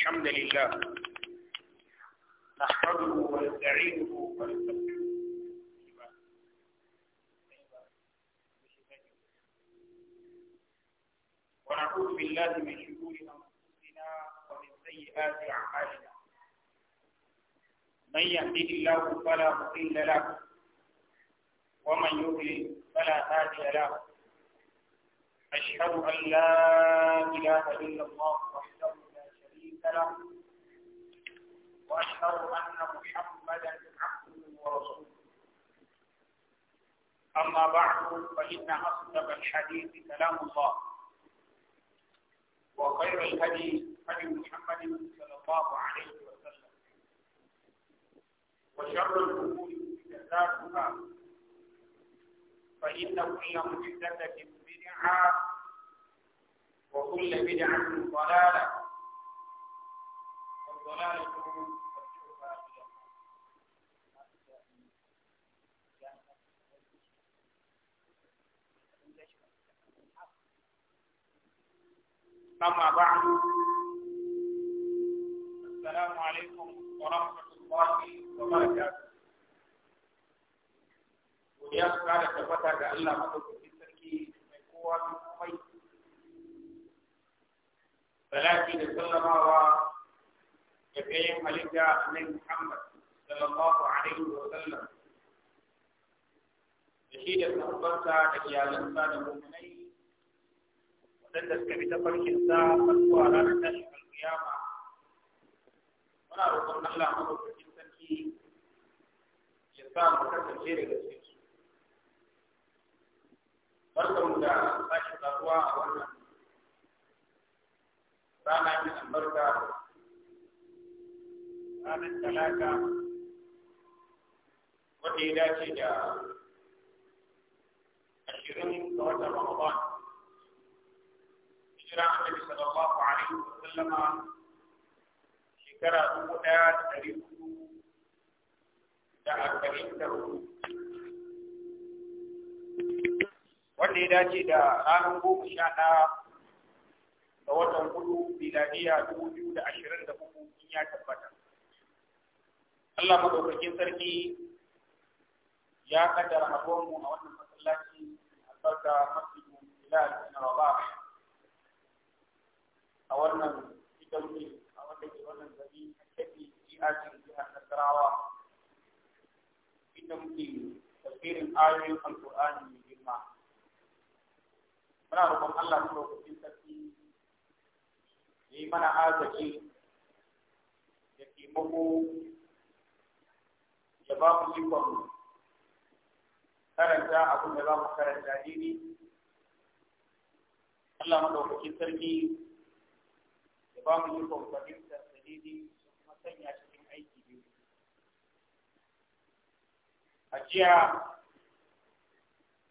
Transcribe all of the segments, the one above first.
الحمد لله نحمده ونستعينه ونستغفره ونعوذ بالله من شرور انفسنا ومن سيئات اعمالنا من يهده الله فلا مضل له ومن يضلل فلا هادي له أشهد أن لا إله إلا الله والسلام وأشهد أن محمدا عبده ورسوله أما بعد فإن أصدق الحديث كلام الله وخير الهدي هدي محمد صلى الله عليه وسلم وشر الأمور محدثاتها فإن كل محدثة بدعة وكل بدعة ضلالة أما بعد السلام عليكم ورحمة الله وبركاته godiya su kara tabbata ga Allah maɗaukakin sarki mai kowa mai komai salati da sallamawa شفيعين حليجة النبي محمد صلى الله عليه وسلم شهيد الصحبة تجيالنسا لمؤمنين وتدس كبت فرشنسا فتوى لا نتشف القيامة ونعرف أن الله أمر بجنسك يسام وكسر شيرك السيس بركم دا ساشي تقوى أولا رانا من البركة ranar talata wanda ya dace da ashirin ga watan ramadan hijira annabi sallallahu alaihi wa sallama shekara dubu ɗaya da dari hudu da arba'in da hudu wanda ya dace da ranar goma sha ɗaya da watan hudu miladiya dubu biyu da ashirin da hudu in ya tabbata. Allah madaukakin sarki ya kaddara haɗuwar mu a wannan masallaci albarka masjidu bilal ibn rabah a wannan ita muke a wanda ke wannan gari a kafi jihajin jihar nasarawa inda muke tafsirin ayoyin alƙur'ani mai girma muna roƙon Allah madaukakin sarki ya yi mana agaji da taimako da ba mu ikon karanta abin da za mu karanta dini Allah madaukakin sarki da ba mu ikon fahimtar da dini su kuma sanya cikin aiki biyu a jiya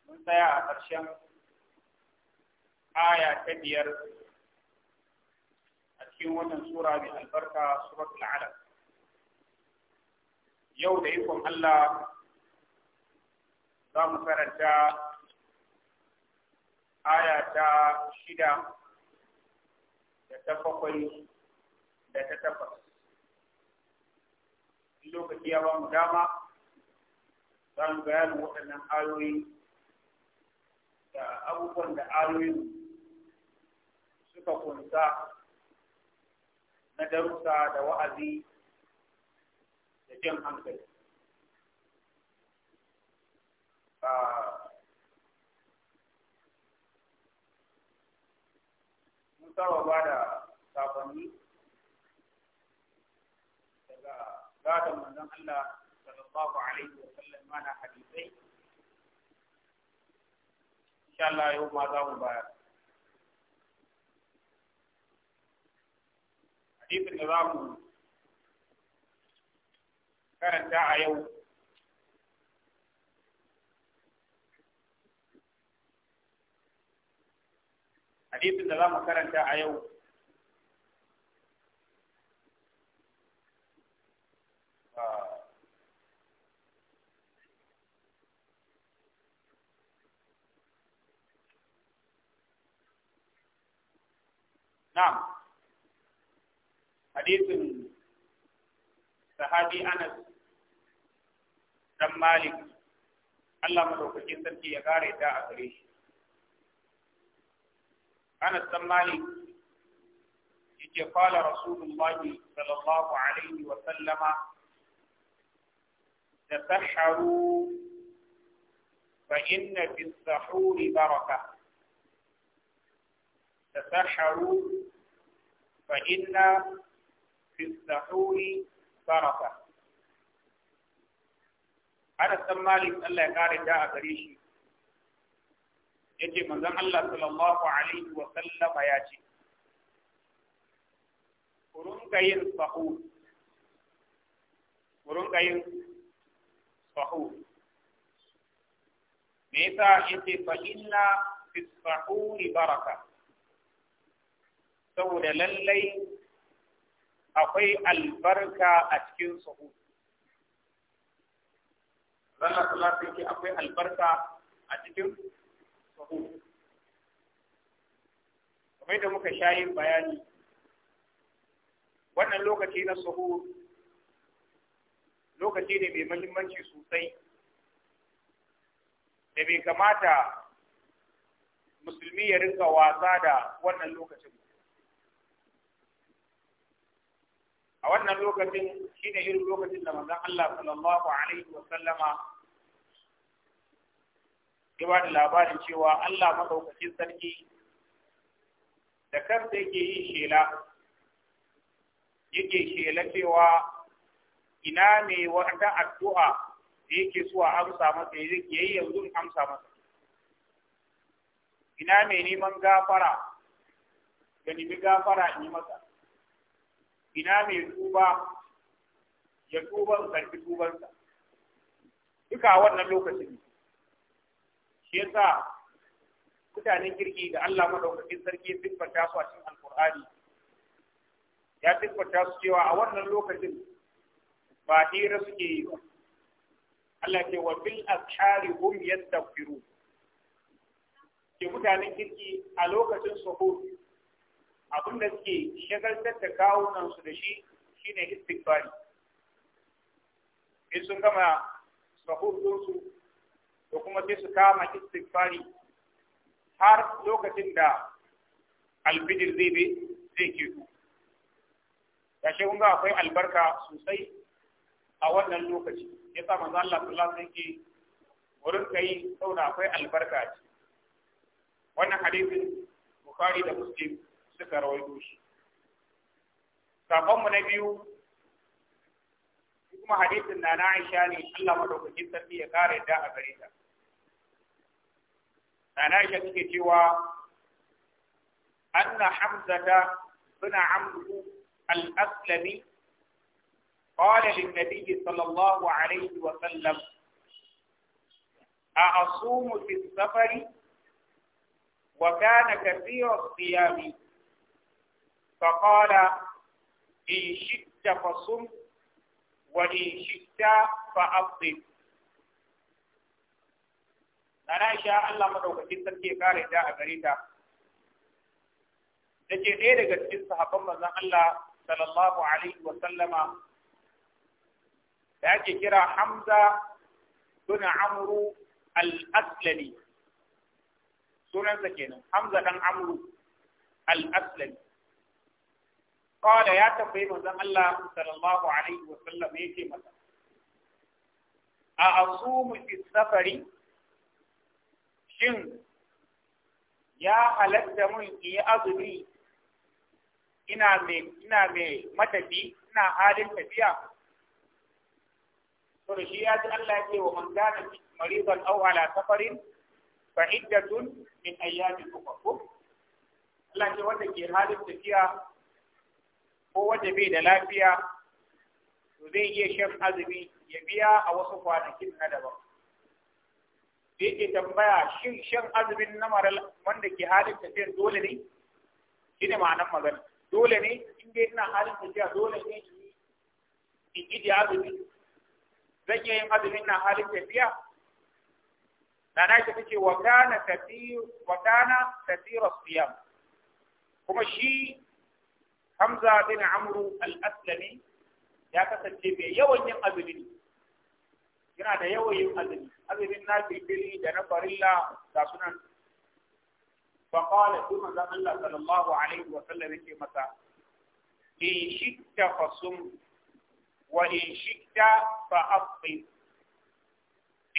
mun tsaya a ƙarshen aya ta biyar a cikin wannan sura mai albarka suratul alaq yau da ikon Allah za mu karanta aya ta shida da ta bakwai da ta takwas lokaci ya ba mu dama za mu bayanin waɗannan ayoyi da abubuwan da ayoyin suka kunsa na darussa da wa'azi da jan hankali ah, mun saba ba da sakonni daga gadon manzon Allah sallallahu alaihi wa sallam mana hadisai insha Allah yau ma za mu bayar hadisin da za mu كان دعا يوم حديث ان الله مكان يوم نعم حديث صحابي انس dan Malik Allah madaukakin sarki ya kare ta a gare shi Anas dan Malik yake qala Rasulullahi sallallahu alaihi wa sallama tasahharu fa inna bis sahuri baraka tasahharu fa inna bis sahuri baraka Ana san Malik Allah ya kare da a gare shi yake manzon Allah sallallahu alaihi wa sallam ya ce kurun kayin sahu kurun kayin sahu me yasa yake fa inna fi sahuri baraka saboda lallai akwai albarka a cikin sahu Allah ta alaihi wasallam akwai albarka a cikin sahu kamar da muka sha yin bayani wannan lokaci na sahu lokaci ne mai mahimmanci sosai da bai kamata musulmi ya rinka wasa da wannan lokacin a wannan lokacin shi ne irin lokacin da manzon Allah sallallahu alaihi wa ya ba da labarin cewa Allah maɗaukacin sarki da kansa yake yin shela yake shela cewa ina ne wata addu'a da yake so a amsa masa yi yanzu amsa masa ina mai neman gafara ga nemi gafara in yi masa ina mai tuba ya tuba in karfi tubansa duka wannan lokacin shi yasa mutanen kirki da Allah madaukakin sarki fata su a cikin alqur'ani ya siffanta su cewa a wannan lokacin ba hira suke yi ba Allah ke wa bil ashari hum yastaghfiru ke mutanen kirki a lokacin suhur abin da suke shagaltar da kawunan su da shi shine istighfari in sun gama sahur su da kuma sai su kama istighfari har lokacin da alfijir zai bi zai su kun ga akwai albarka sosai a wannan lokaci ya sa manzo Allah sallallahu alaihi wasallam wurin kai sauna akwai albarka ce wannan hadisin bukhari da muslim suka rawaito shi sakonmu na biyu kuma hadisin na Aisha ne Allah madaukakin sarki ya kare da a gare ta na Aisha take cewa anna Hamzata suna Amru al-Aslami قال للنبي صلى الله عليه وسلم أأصوم في السفر وكان كثير الصيام فقال إن شئت فصم وإن شئت فأفضل أنا إن شاء الله مدوكتين سنكي كاري جاء غريتا نجي غير قد صحابة مزان الله صلى الله عليه وسلم لأجي كرا حمزة بن عمرو الأسلمي سنة سكينة حمزة بن عمرو الأسلمي qala ya tambayi manzon Allah sallallahu alaihi wa sallam ce masa a asumu fi safari shin ya halatta mun yi azumi ina mai ina matafi ina halin tafiya to shi ya ji Allah ya ce wa man kana maridan aw ala safarin fa iddatun min ayyamin ukhra Allah ce wanda ke halin tafiya ko wanda bai da lafiya to zai iya shan azumi ya biya a wasu kwanakin na daban da ke tambaya shin shan azumin na mara wanda ke halin tafiya dole ne shi ne ma'anar magana dole ne in dai ina halin tafiya dole ne in yi da azumi zan iya yin azumin na halin tafiya da na ta ce wa kana tafi wa kana tafiya kuma shi hamza bin amru al-aslami ya kasance mai yawan yin azumi yana da yawan yin azumi azumin na filfili da na farilla ga sunan فقال ثم ذا الله صلى الله عليه وسلم يقول متى إن شئت فصم وإن شئت فأفطر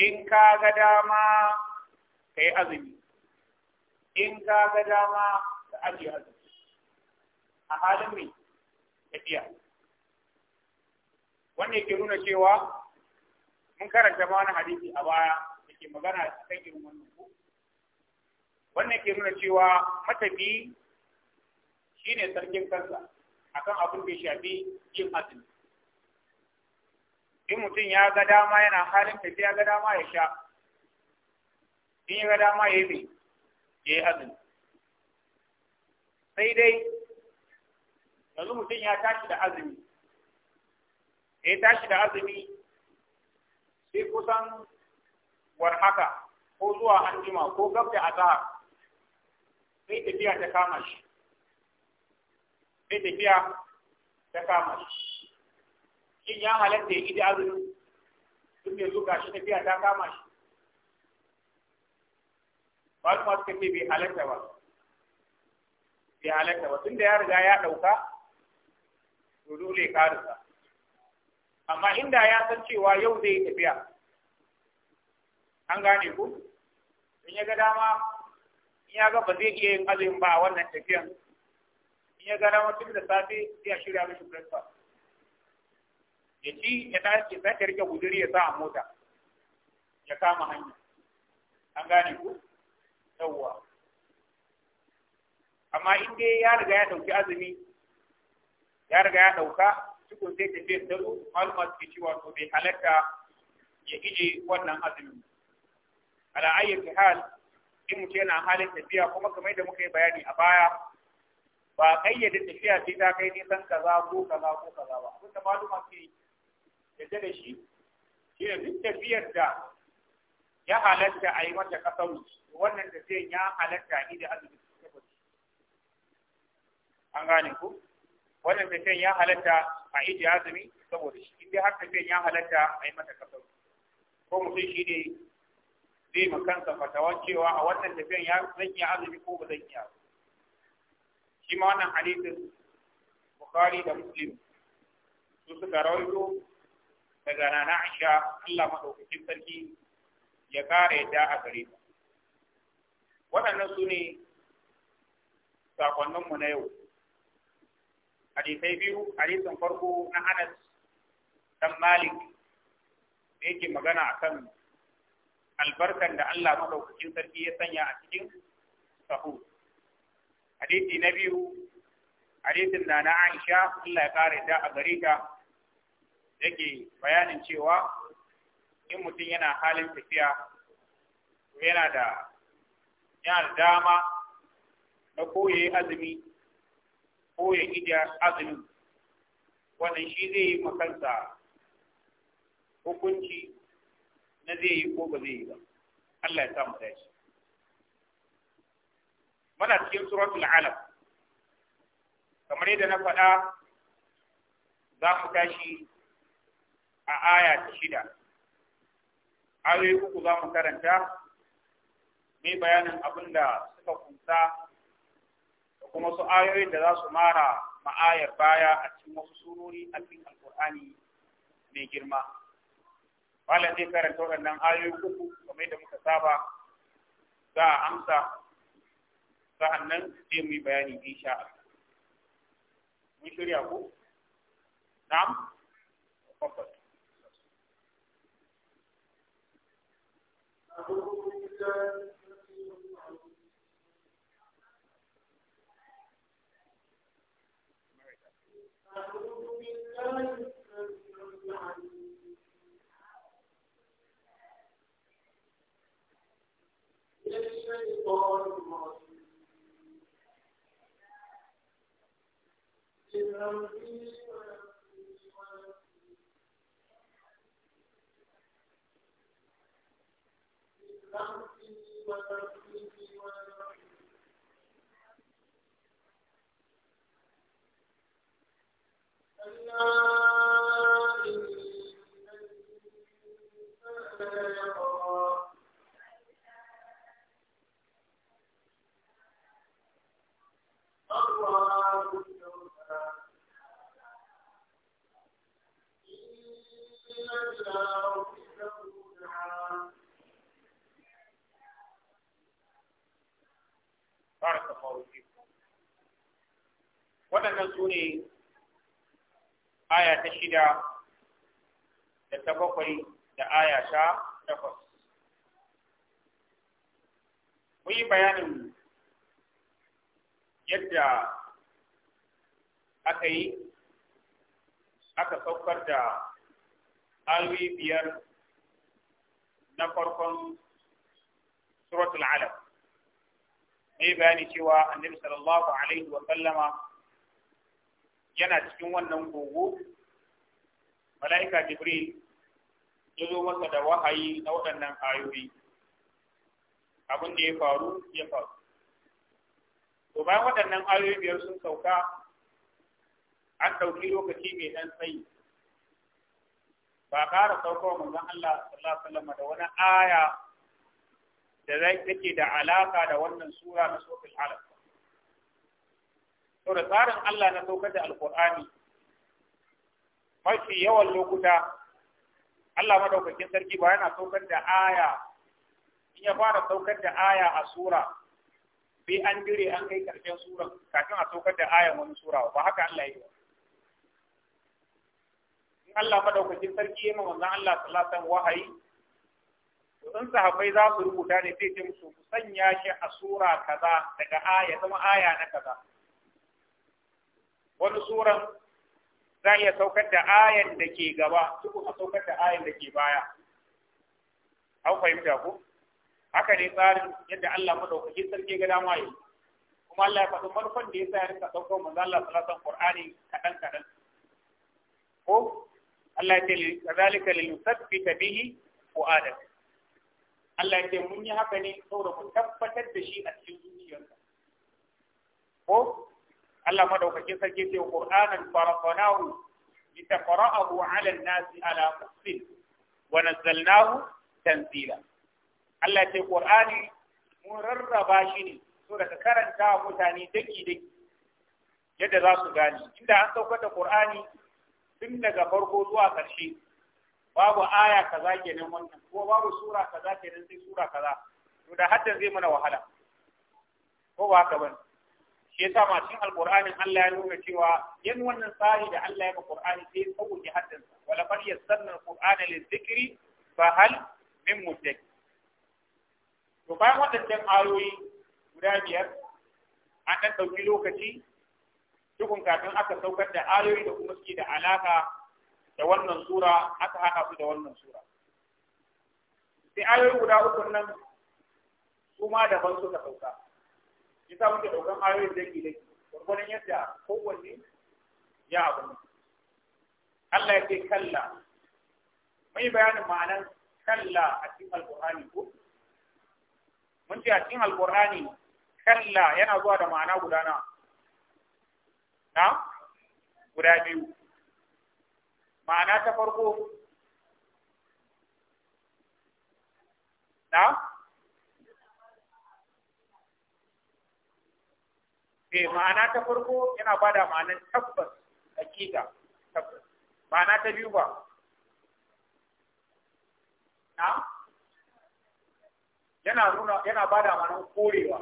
in ka ga dama ka yi azumi in ka ga dama ka ajiye azumi a halin mai tafiya wanda yake nuna cewa mun karanta ma wani hadisi a baya da ke magana a kan irin wannan ko wannan ke nuna cewa matafi ne sarkin kansa akan abin da ya shafi yin azumi in mutum ya ga dama yana halin tafiya ga dama ya sha in ya ga dama ya yi ya yi azumi sai dai yanzu mutum ya tashi da azumi ya tashi da azumi sai kusan warhaka ko zuwa anjima ko gab a za sai tafiya ta kama shi sai tafiya ta kama shi shin ya halatta ya idi azumi tun da zuka shi tafiya ta kama shi ba su masu kace bai halatta ba bai halatta ba tun da ya riga ya ɗauka to dole ka rasa amma inda ya san cewa yau zai tafiya an gane ku in ya ga dama in ya ga ba zai iya yin azumin ba a wannan tafiyan in ya ga dama tun da safe sai a shirya mishi breakfast ya ci ya tashi ya sake rike guduri ya sa a mota ya kama hanya an gane ku yawwa amma in dai ya riga ya dauki azumi ya riga ya ɗauka cikin sai tafiyar da zo malama suke ci wato bai halatta ya ije wannan azumin ala ayyati hal in mutum yana halin tafiya kuma kamar da muka yi bayani a baya ba kayyade tafiya sai ta kai nisan kaza ko kaza ko kaza ba abin da maluma ke yadda da shi shi ne duk tafiyar da ya halatta a yi mata kasau wannan tafiyan ya halatta ni da azumi an gane ku wannan tafiyan ya halatta a iji azumi saboda shi inda haka tafiyan ya halatta a yi mata kasar ko mutum shi ne zai ma kansa fatawa cewa a wannan tafiyan ya zan iya azumi ko ba zan iya shi ma wannan hadisin bukhari da muslim su suka rawaito daga nana aisha Allah madaukakin sarki ya kare yadda a gare ta waɗannan su ne sakonninmu na yau hadisai biyu hadisin farko na Anas dan Malik da yake magana kan albarkan da Allah madaukakin sarki ya sanya a cikin sahu hadisi na biyu hadisin na na Aisha Allah ya ƙare ta a gare ta yake bayanin cewa in mutum yana halin tafiya yana da yana da dama na koye azumi ko ya ida azumin wannan shi zai yi makansa hukunci na zai yi ko ba zai yi ba Allah ya samu dace muna cikin suratul alam kamar yadda na faɗa za mu tashi a aya ta shida ayoyi uku za mu karanta mai bayanin abin da suka kunsa kuma su ayoyin da za su mara ma'ayar baya a cikin wasu surori a cikin alkur'ani mai girma malam zai karanta waɗannan ayoyi uku kamar da muka saba za a amsa sa'annan zai mu yi bayani insha mun shirya ku na'am tafaddal you. waɗannan su ne aya ta shida da ta bakwai da aya sha takwas mun yi bayanin yadda aka yi aka saukar da ayoyi biyar na farkon suratul alaq yi bayani cewa annabi sallallahu alaihi wa sallama yana cikin wannan gogo mala'ika jibril ya zo masa da wahayi na waɗannan ayoyi abin da ya faru ya faru to bayan waɗannan ayoyi biyar sun sauka an ɗauki lokaci mai ɗan tsayi ba ƙara saukowa manzon Allah sallallahu alaihi wa sallama da wani aya da zai take da alaka da wannan sura na suratul alaq to da tsarin Allah na saukar da alqur'ani mafi yawan lokuta Allah madaukakin sarki ba yana saukar da aya in ya fara saukar da aya a sura bi an dire an kai karshen suran kafin a saukar da ayan wani sura ba haka Allah ya yi in Allah madaukakin sarki ya manzon Allah sallallahu alaihi wahayi in sahabbai za su rubuta ne sai ce musu sanya shi a sura kaza daga aya zama aya na kaza wani suran za iya saukar da ayan da ke gaba su kuma saukar da ayan da ke baya an fahimta ku haka ne tsarin yadda Allah madaukakin sarki ga dama yi kuma Allah ya faɗi manufan da ya sa ya rika saukar manzo Allah sallallahu alaihi Qur'ani kadan kadan ko Allah ya ce kazalika lil bihi wa adam Allah ya ce mun yi haka ne saboda mu tabbatar da shi a cikin zuciyarka ko Allah madaukakin sarki ce Qur'anan farafanahu taqra'ahu 'ala an-nasi ala qasdin wa nazzalnahu tanzila Allah ya ce Qur'ani mun rarraba shi ne saboda ka karanta mutane daki daki yadda za su gane inda an saukar da Qur'ani tun daga farko zuwa ƙarshe babu aya kaza kenan wannan ko babu sura kaza kenan sai sura kaza to da haddan zai mana wahala ko ba haka bane shi yasa ma cikin alqur'anin Allah ya nuna cewa yin wannan tsari da Allah ya ba qur'ani sai sauke haddan sa wala qad yassarna alqur'ana lizikri fa hal min muddakir to bayan waɗannan ayoyi guda biyar an dan ɗauki lokaci dukun kafin aka saukar da ayoyi da kuma suke da alaka da wannan sura aka haɗa su da wannan sura sai ayoyi guda uku nan su ma daban suka sauka sa muke ɗaukan ayoyin daki daki gwargwadon yadda kowanne ya abu Allah ya ce kalla mai bayanin ma'anar kalla a cikin alƙur'ani ko mun ce a cikin alƙur'ani kalla yana zuwa da ma'ana guda na na guda biyu ma'ana ta farko na Eh ma'ana ta farko yana da ma'anar tabbas hakika tabbas ma'ana ta biyu ba na yana nuna yana da ma'anar korewa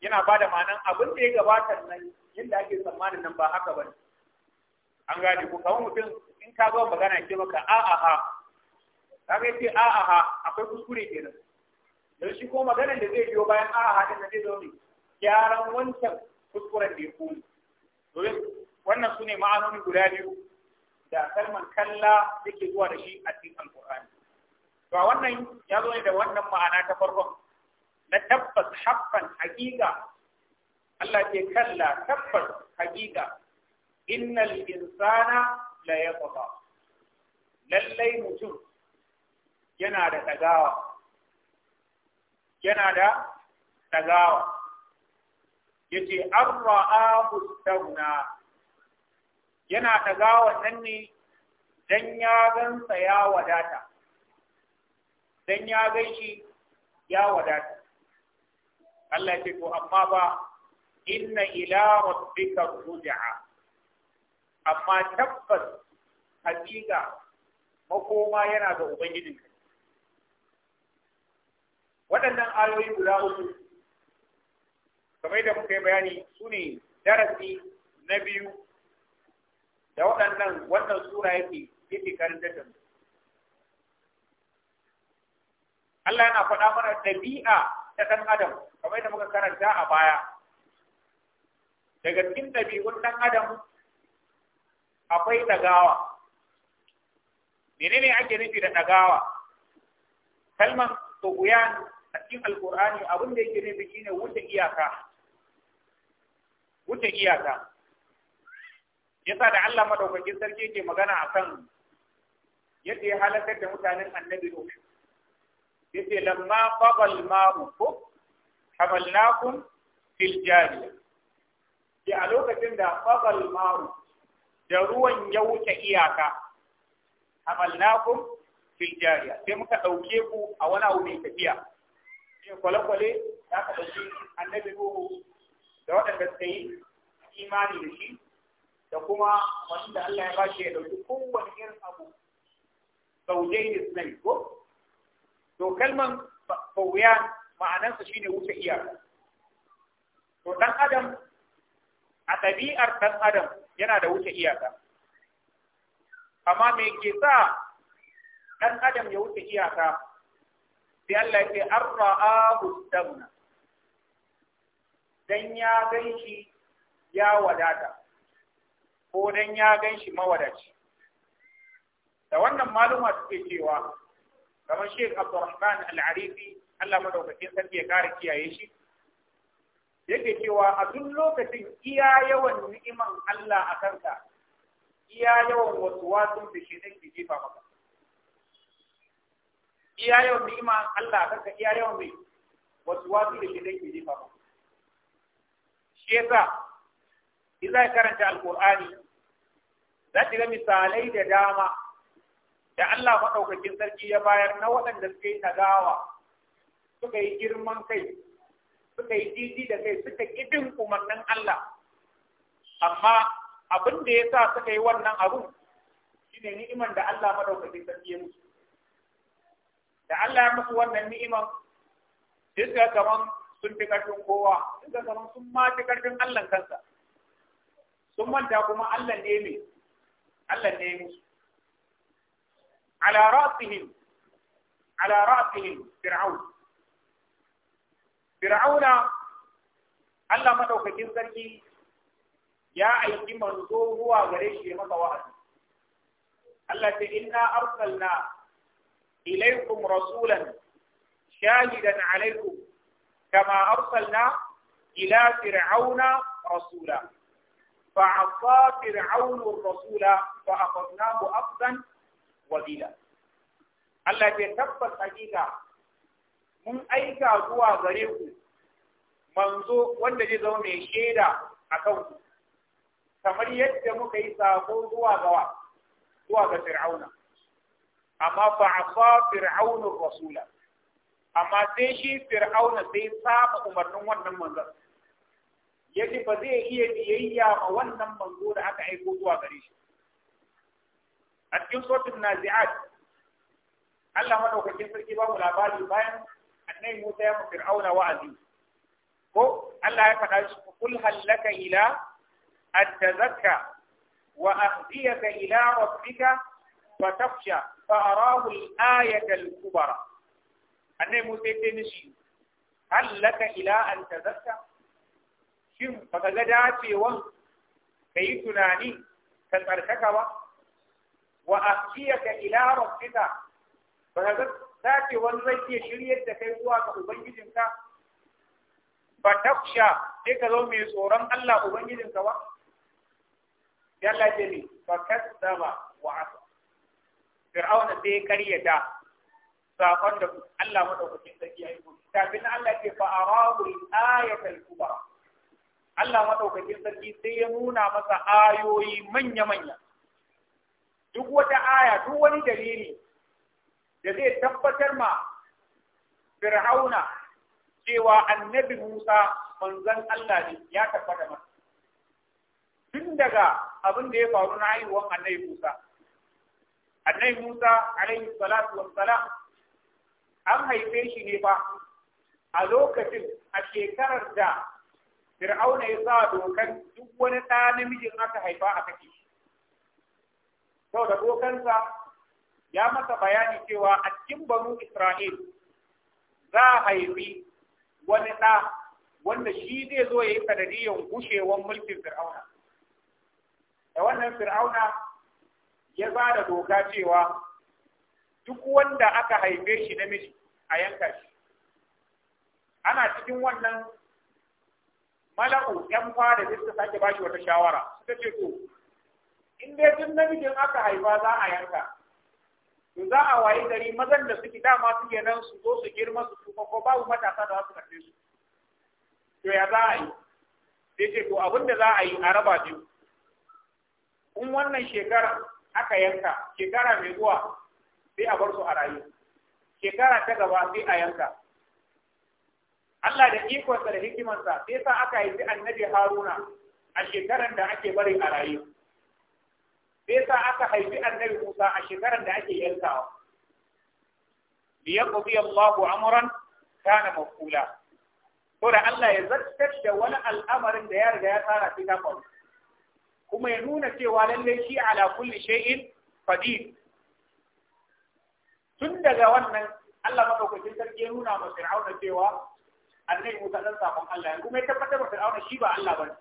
yana ba da ma'anar abin da ya gabatar nan yadda ake tsammanin nan ba haka bane an gane ko kawo mutum in ka zo magana ce maka a a ha ga ce a a ha akwai kuskure kenan dan shi ko maganar da zai biyo bayan a a ha din zai zo ne gyaran wancan kuskuren da ya koyi domin wannan sune ma'anoni guda biyu da kalmar kalla yake zuwa da shi a cikin alqur'ani to a wannan ya zo ne da wannan ma'ana ta farkon na tabbas haqqan haqiqa Allah ke kalla tabbas haqiqa innal insana la yatgha lallai mutum yana da tagawa, yana da tagawa yace arra'ahu stagna yana tagawa nan ne dan ya gansa ya wadata dan ya gaishi ya wadata Allah ya ce to amma ba inna ila rabbika ruj'a amma tabbas hakika makoma yana ga ubangijin ka waɗannan ayoyi guda uku kamar da muka yi bayani su ne darasi na biyu da waɗannan wannan sura yake yake karantar da Allah yana faɗa mana ɗabi'a ta ɗan adam kamar da muka karanta a baya daga cikin ɗabi'un ɗan adam akwai ɗagawa menene ake nufi da ɗagawa kalmar tuguyan a cikin Alƙur'ani abin da yake nufi shine wuce iyaka wuce iyaka yasa da Allah madaukakin sarki yake magana akan yadda ya halakar da mutanen annabi Ya yace lamma qabal ma'u ko hamalnakum fil jariya ke a lokacin da qabal ma'u da ruwan ya wuce iyaka hamalnakum fil jariya sai muka dauke ku a wani abu mai tafiya shi kwale-kwale za ka dauki annabi ruhu da waɗanda suka yi imani da shi da kuma wanda Allah ya bashi ya dauki kowane irin abu saujai suna yi, ko to kalman fawyan ma'anarsa shine wuce iyaka to dan adam a ɗabi'ar dan adam yana da wuce iyaka amma me ke sa ɗan adam ya wuce iyaka sai Allah ya ce an dan ya gan ya wadata ko dan ya ganshi mawadaci da wannan maluma suke cewa kamar Sheikh Abdulrahman Al-Arifi Allah madaukakin sarki ya kare kiyaye shi yake cewa a duk lokacin iya yawan ni'iman Allah a kanka iya yawan wasu wasu da shi ne ke jefa maka iya yawan ni'iman Allah a kanka iya yawan mai wasu wasu da shi ne ke jefa maka shi yasa idan karanta alqur'ani za ki ga misalai da dama da Allah madaukakin sarki ya bayar na waɗanda suka yi tagawa suka yi girman kai suka yi didi da kai suka kidin umarnin Allah amma abin da ya sa suka yi wannan abun shine ni'iman da Allah madaukaki sarki ya musu da Allah ya musu wannan ni'iman duk da kaman sun fi karfin kowa duk da kaman sun ma fi karfin Allah kansa sun manta kuma Allah ne mai Allah ne musu ala ra'sihim ala ra'sihim fir'aun fir'auna Allah madaukakin sarki ya aiki manzo zuwa gare shi ya masa wa'azi Allah ta inna arsalna ilaykum rasulan shahidan alaykum kama arsalna ila fir'auna rasula فعصى فرعون الرسول فأخذناه أخذا وبيلا الله يتبت حقيقة mun aika zuwa gare ku manzo wanda zai zama mai shaida a kan ku kamar yadda muka yi sako zuwa gawa zuwa ga fir'auna amma fa afa fir'aunu rasula amma sai shi fir'auna sai saba umarnin wannan manzon yaji ba zai iya biyayya ma wannan manzo da aka aiko zuwa gare shi a cikin sautin nazi'at Allah madaukakin sarki ba mu labari bayan annabi Musa ya mu auna wa'azi ko Allah ya faɗa shi kul hallaka ila an tazakka wa ahdiyaka ila rabbika fatafsha fa arahu al-ayata al-kubra annabi Musa ya ce mishi hallaka ila an tazakka shin baka ga dacewan yi tunani ka tsarkaka ba wa ahdiyaka ila rabbika baka ga Za ce wani zai iya shiryar da kai zuwa ga ubangijinka ba taksha sai ka zo mai tsoron Allah ubangijinka ba yalla ce ne ba kasdama wa asa fir'auna sai karyata sakon da Allah maɗaukacin sarki ya yi gudu Tafin Allah ce fa arahu al-ayatul kubra Allah maɗaukakin sarki sai ya nuna masa ayoyi manya-manya. Duk wata aya, duk wani dalili da zai tabbatar ma fir'auna cewa annabi Musa manzon Allah ne ya tabbata masa tun daga abin da ya faru na haihuwar annabi Musa annabi Musa alaihi salatu wassalam an haife shi ne fa? a lokacin a shekarar da Fir'auna ya sa dokan duk wani ɗa namijin aka haifa a kake shi. Sau da dokansa ya masa bayani cewa a cikin banu Isra'il za a haifi wani ɗa wanda shi zai zo ya yi sanadiyyar gushewar mulkin Fir'auna. Da wannan Fir'auna ya ba da doka cewa duk wanda aka haife shi namiji a yanka shi. Ana cikin wannan mala'u ‘yan fada da suka sake ba shi wata shawara, suka ce to, in dai duk namijin aka haifa za a yanka, za a wayi gari mazan da suke dama suke nan su zo su girma su kuma ko babu matasa da wasu karfe su to ya za a yi sai ce to abin da za a yi a raba biyu in wannan shekara aka yanka shekara mai zuwa sai a bar su a rayu shekara ta gaba sai a yanka Allah da ikonsa da hikimansa sai sa aka yi annabi Haruna a shekaran da ake bari a rayu me yasa aka haifi annabi Musa a shekarar da ake yankawa liyaqdi Allahu amran kana mafula to da Allah ya zartar da wani al'amarin da ya riga ya tsara shi ta kuma ya nuna cewa lallai shi ala kulli shay'in qadir tun daga wannan Allah madaukakin sarki ya nuna ma Fir'auna cewa annai Musa dan sakon Allah kuma ya tabbatar da Fir'auna shi ba Allah bane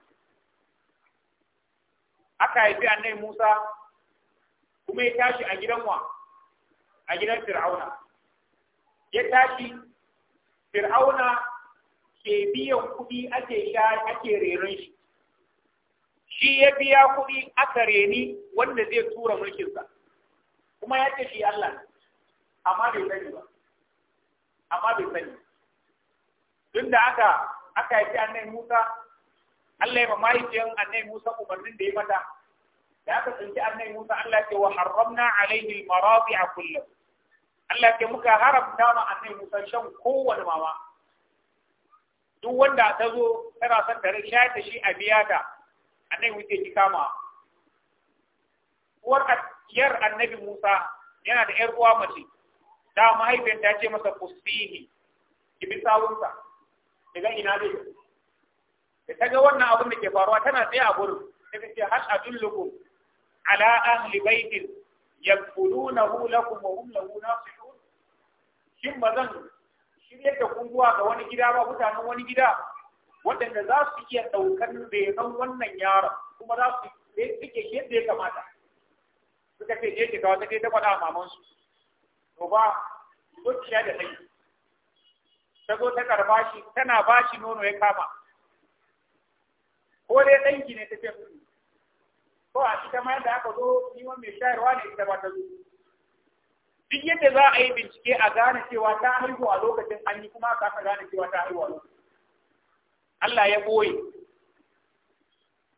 aka haifi annai Musa kuma ya tashi a gidan wa a gidan fir'auna ya tashi fir'auna ke biyan kuɗi ake sha ake renon shi shi ya biya kuɗi aka reni wanda zai tura mulkinsa kuma ya ce shi Allah amma bai sani ba amma bai sani tun da aka aka yi annai Musa Allah ya mamaye annabi Musa umarnin da ya mata da aka tsinci annabi Musa Allah ke wa harramna alaihi al-marabi'a kullu Allah ke muka haramta ma annabi Musa shan kowane mama duk wanda ta zo tana son ta sha ta shi a biya ta annabi Musa ki kama uwar yar annabi Musa yana da yar uwa mace da mahaifiyar ta ce masa kusihi ki bi sawunsa daga ina zai da ta ga wannan abin da ke faruwa tana tsaye a gurin daga ce har a dullukum ala ahli baitin yakfulunahu lakum wa hum lahu nasihun shin bazan shirye da kunguwa ga wani gida ba mutanen wani gida waɗanda za su iya ɗaukar renon wannan yaron kuma za su shi yadda ya kamata suka ce je ki ga wata ta faɗa mamansu to ba zuciya da sai ta zo ta karba shi tana bashi shi nono ya kama ko dai ɗanki ne ta ce ko a cikin mayar da aka zo ni mai shayarwa ne ita ba ta zo duk yadda za a yi bincike a gane cewa ta haihu a lokacin an yi kuma ka gane cewa ta haihu a lokacin Allah ya boye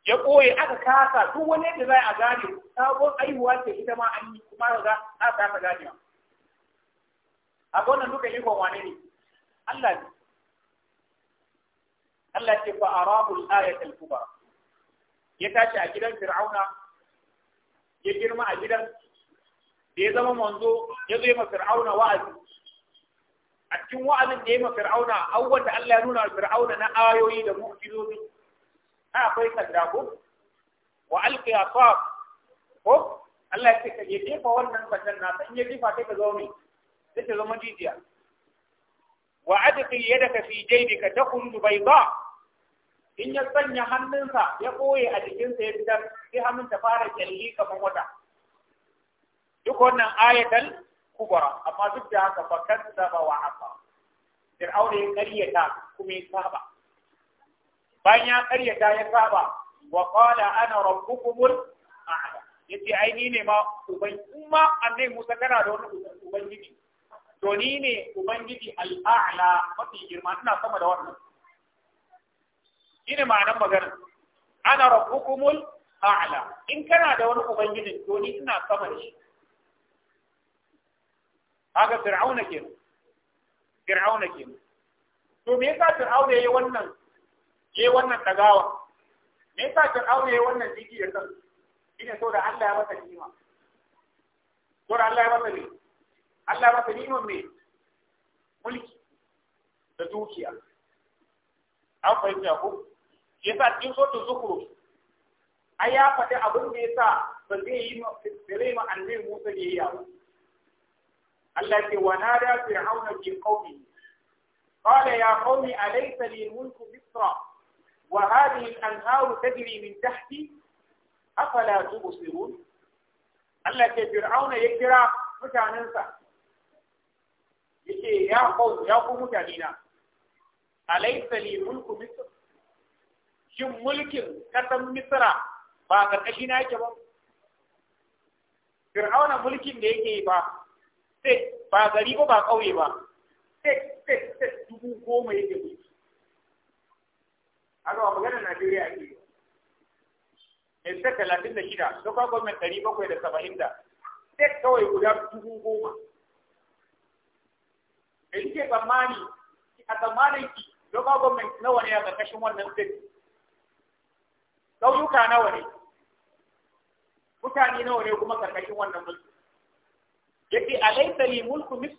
ya ɓoye aka kasa duk wani yadda za a gane sabon aihuwa ce ita ma an yi kuma ga a kasa gane a gonan duka ikon wane ne Allah ne Allah ce fa arabul ayatul kubra ya tashi a gidan fir'auna ya girma a gidan da ya zama manzo ya zo ma fir'auna wa'azi a cikin wa'azin da ya yi ma fir'auna abubuwan da Allah ya nuna fir'auna na ayoyi da mu'jizozi har akwai sanda ko wa alqi asab ko Allah ya ce ka fa wannan batan na in ya jefa sai ka zo ne sai ta zama jijiya wa adqi yadaka fi jaydika takun bayda in ya sanya hannunsa ya ɓoye a jikinsa ya fitar sai hannun ta fara kyalli kamar wata duk wannan ayatal kubara amma duk da haka ba fa kazzaba wa afa fir'auna ya karyata kuma ya saba bayan ya karyata ya saba wa qala ana rabbukumul a'la yace ai ni ne ma uban kuma annai Musa kana da wani ubangiji to ni ne ubangiji al'a'la mafi girma ina sama da wannan shine ma'anar magana ana rabbukumul a'la in kana da wani ubangijin to ni ina sama da shi kaga fir'auna ke fir'auna ke to me yasa fir'auna yayi wannan yayi wannan tagawa me yasa fir'auna yayi wannan jiki da kan ina so da Allah ya masa nima. so da Allah ya masa ni Allah ya masa ni'ima me mulki da dukiya an fahimta ko yasa cikin sotu zukuru ai ya faɗi abin da yasa ba zai yi ba zai ma annabi Musa ne ya ba Allah ke wa nada fir'auna bi qaumi qala ya qaumi alaysa li mulku misra wa hadhihi al-anharu tajri min tahti afala tubsirun Allah ke fir'auna ya kira mutanensa yake ya qaum ya ku mutanina alaysa li mulku misra shin mulkin kasan misira ba ƙarƙashi na yake ba fir'auna mulkin da yake yi ba sai ba gari ba ba ƙauye ba sai sai sai dubu goma yake mulki haka ba magana najeriya ake yi Insta talatin da shida, local government ɗari bakwai da saba'in da, sai kawai guda dubu goma. Da yake tsammani, a tsammanin ki, local government nawa ne a ƙarƙashin wannan state? ɗauka nawa ne mutane nawa ne kuma karkashin wannan mulki yake alaisa li mulku mis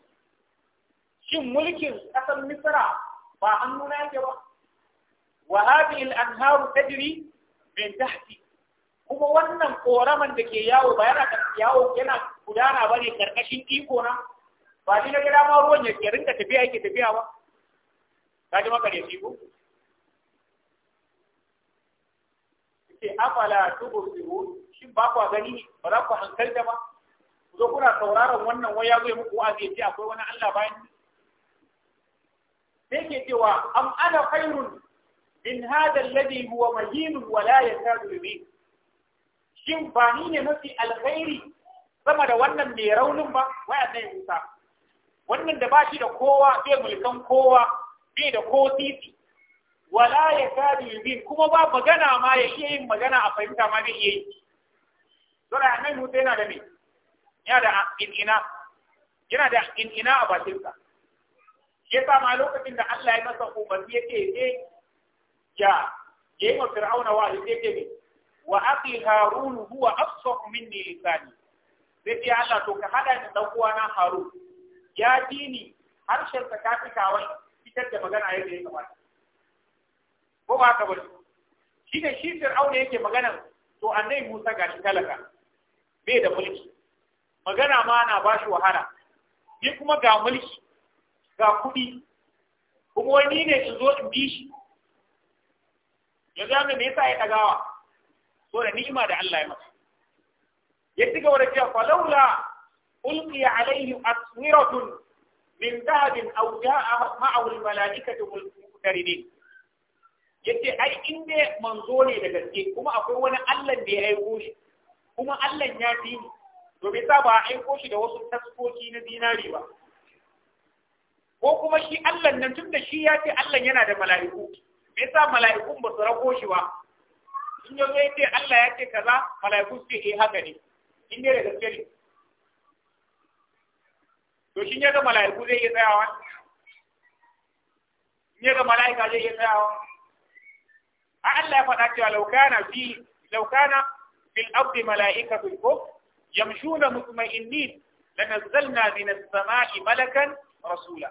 shin mulkin ƙasar misra ba hannuna yake ba wa hadhihi al-anharu tajri min tahti kuma wannan koraman da ke yawo ba yana yawo yana gudana bane karkashin iko na ba ni na gida ma ruwan ya rinka tafiya yake tafiya ba ka ji maka da shi ko ce afala tubsiru shin ba ku gani ba za ku da ba ku zo kuna sauraron wannan waya zai muku a ce akwai wani Allah bayan sai ke cewa am ana khairun in hada alladhi huwa mahin wa la yakadu bi shin ba ni ne mafi alkhairi sama da wannan mai raunin ba waya ne Musa wannan da ba shi da kowa bai mulkan kowa bai da ko titi wala ya kadu yubin kuma ba magana ma ya iya yin magana a fahimta ma zai iya yi sura annabi Musa yana da me yana da in'ina yana da in'ina a bakinsa ya sama ma lokacin da Allah ya masa umarni yake ne ya yi wa fir'auna wa yake ne wa aqi harun huwa afsahu minni lisani sai ce Allah to ka hada ni dan na harun ya dini harshen sa ka fi kawai fitar da magana yadda ya kamata ko ba ka bari shi ne shi fir'auna yake magana to annai musa ga shi talaka bai da mulki magana ma na ba shi wahala ni kuma ga mulki ga kuɗi kuma wani ne su zo in bi shi yanzu ne me yasa ya ɗagawa so da ni'ima da Allah ya masa ya gaba da cewa falaula ulqiya alaihi aswiratun min dahabin aw jaa ma'a al-mala'ikatu mutaririn yace ai in dai manzo ne da gaske kuma akwai wani Allah da ya aiko shi kuma Allah ya fi to bai sa ba aiko shi da wasu taskoki na dinari ba ko kuma shi Allah nan tunda shi ya ce Allah yana da mala'iku bai sa mala'ikun ba su rako shi ba in yanzu ya ce Allah ya ce kaza mala'iku su ce eh haka ne in dai da gaske ne to shi ya ga mala'iku zai iya tsayawa ne ga mala'ika zai iya tsayawa ya faɗa cewa laukana fi laukana fil ardi mala'ikatun ko yamshuna mutma'innin lanazzalna min as-sama'i malakan rasula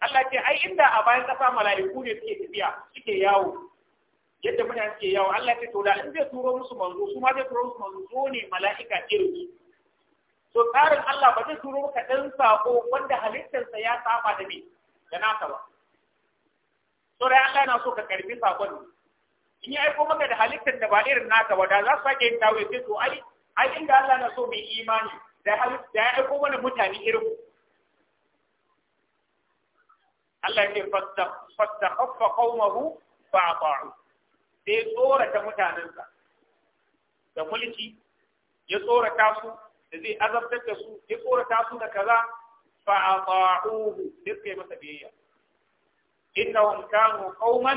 Allah ce ai inda a bayan kasa mala'iku ne suke tafiya suke yawo yadda mutane suke yawo Allah ce to da in zai turo musu manzo su ma zai turo musu manzo so ne mala'ika irin so tsarin Allah ba zai turo maka dan sako wanda halittarsa ya saba da me da naka ba so dai Allah yana so ka karbi sakon in ya aiko maka da halittar da ba irin naka ba da za su sake yin tawaye sai to ai ai inda Allah na so mai imani da halitta ya aiko mana mutane irin Allah ya ce fastakhaffa qaumahu fa'ta'u sai tsorata mutanensa da mulki ya tsorata su da zai azabtar da su ya tsorata su da kaza fa'ta'uhu duk kai masa biyayya innahum kanu qauman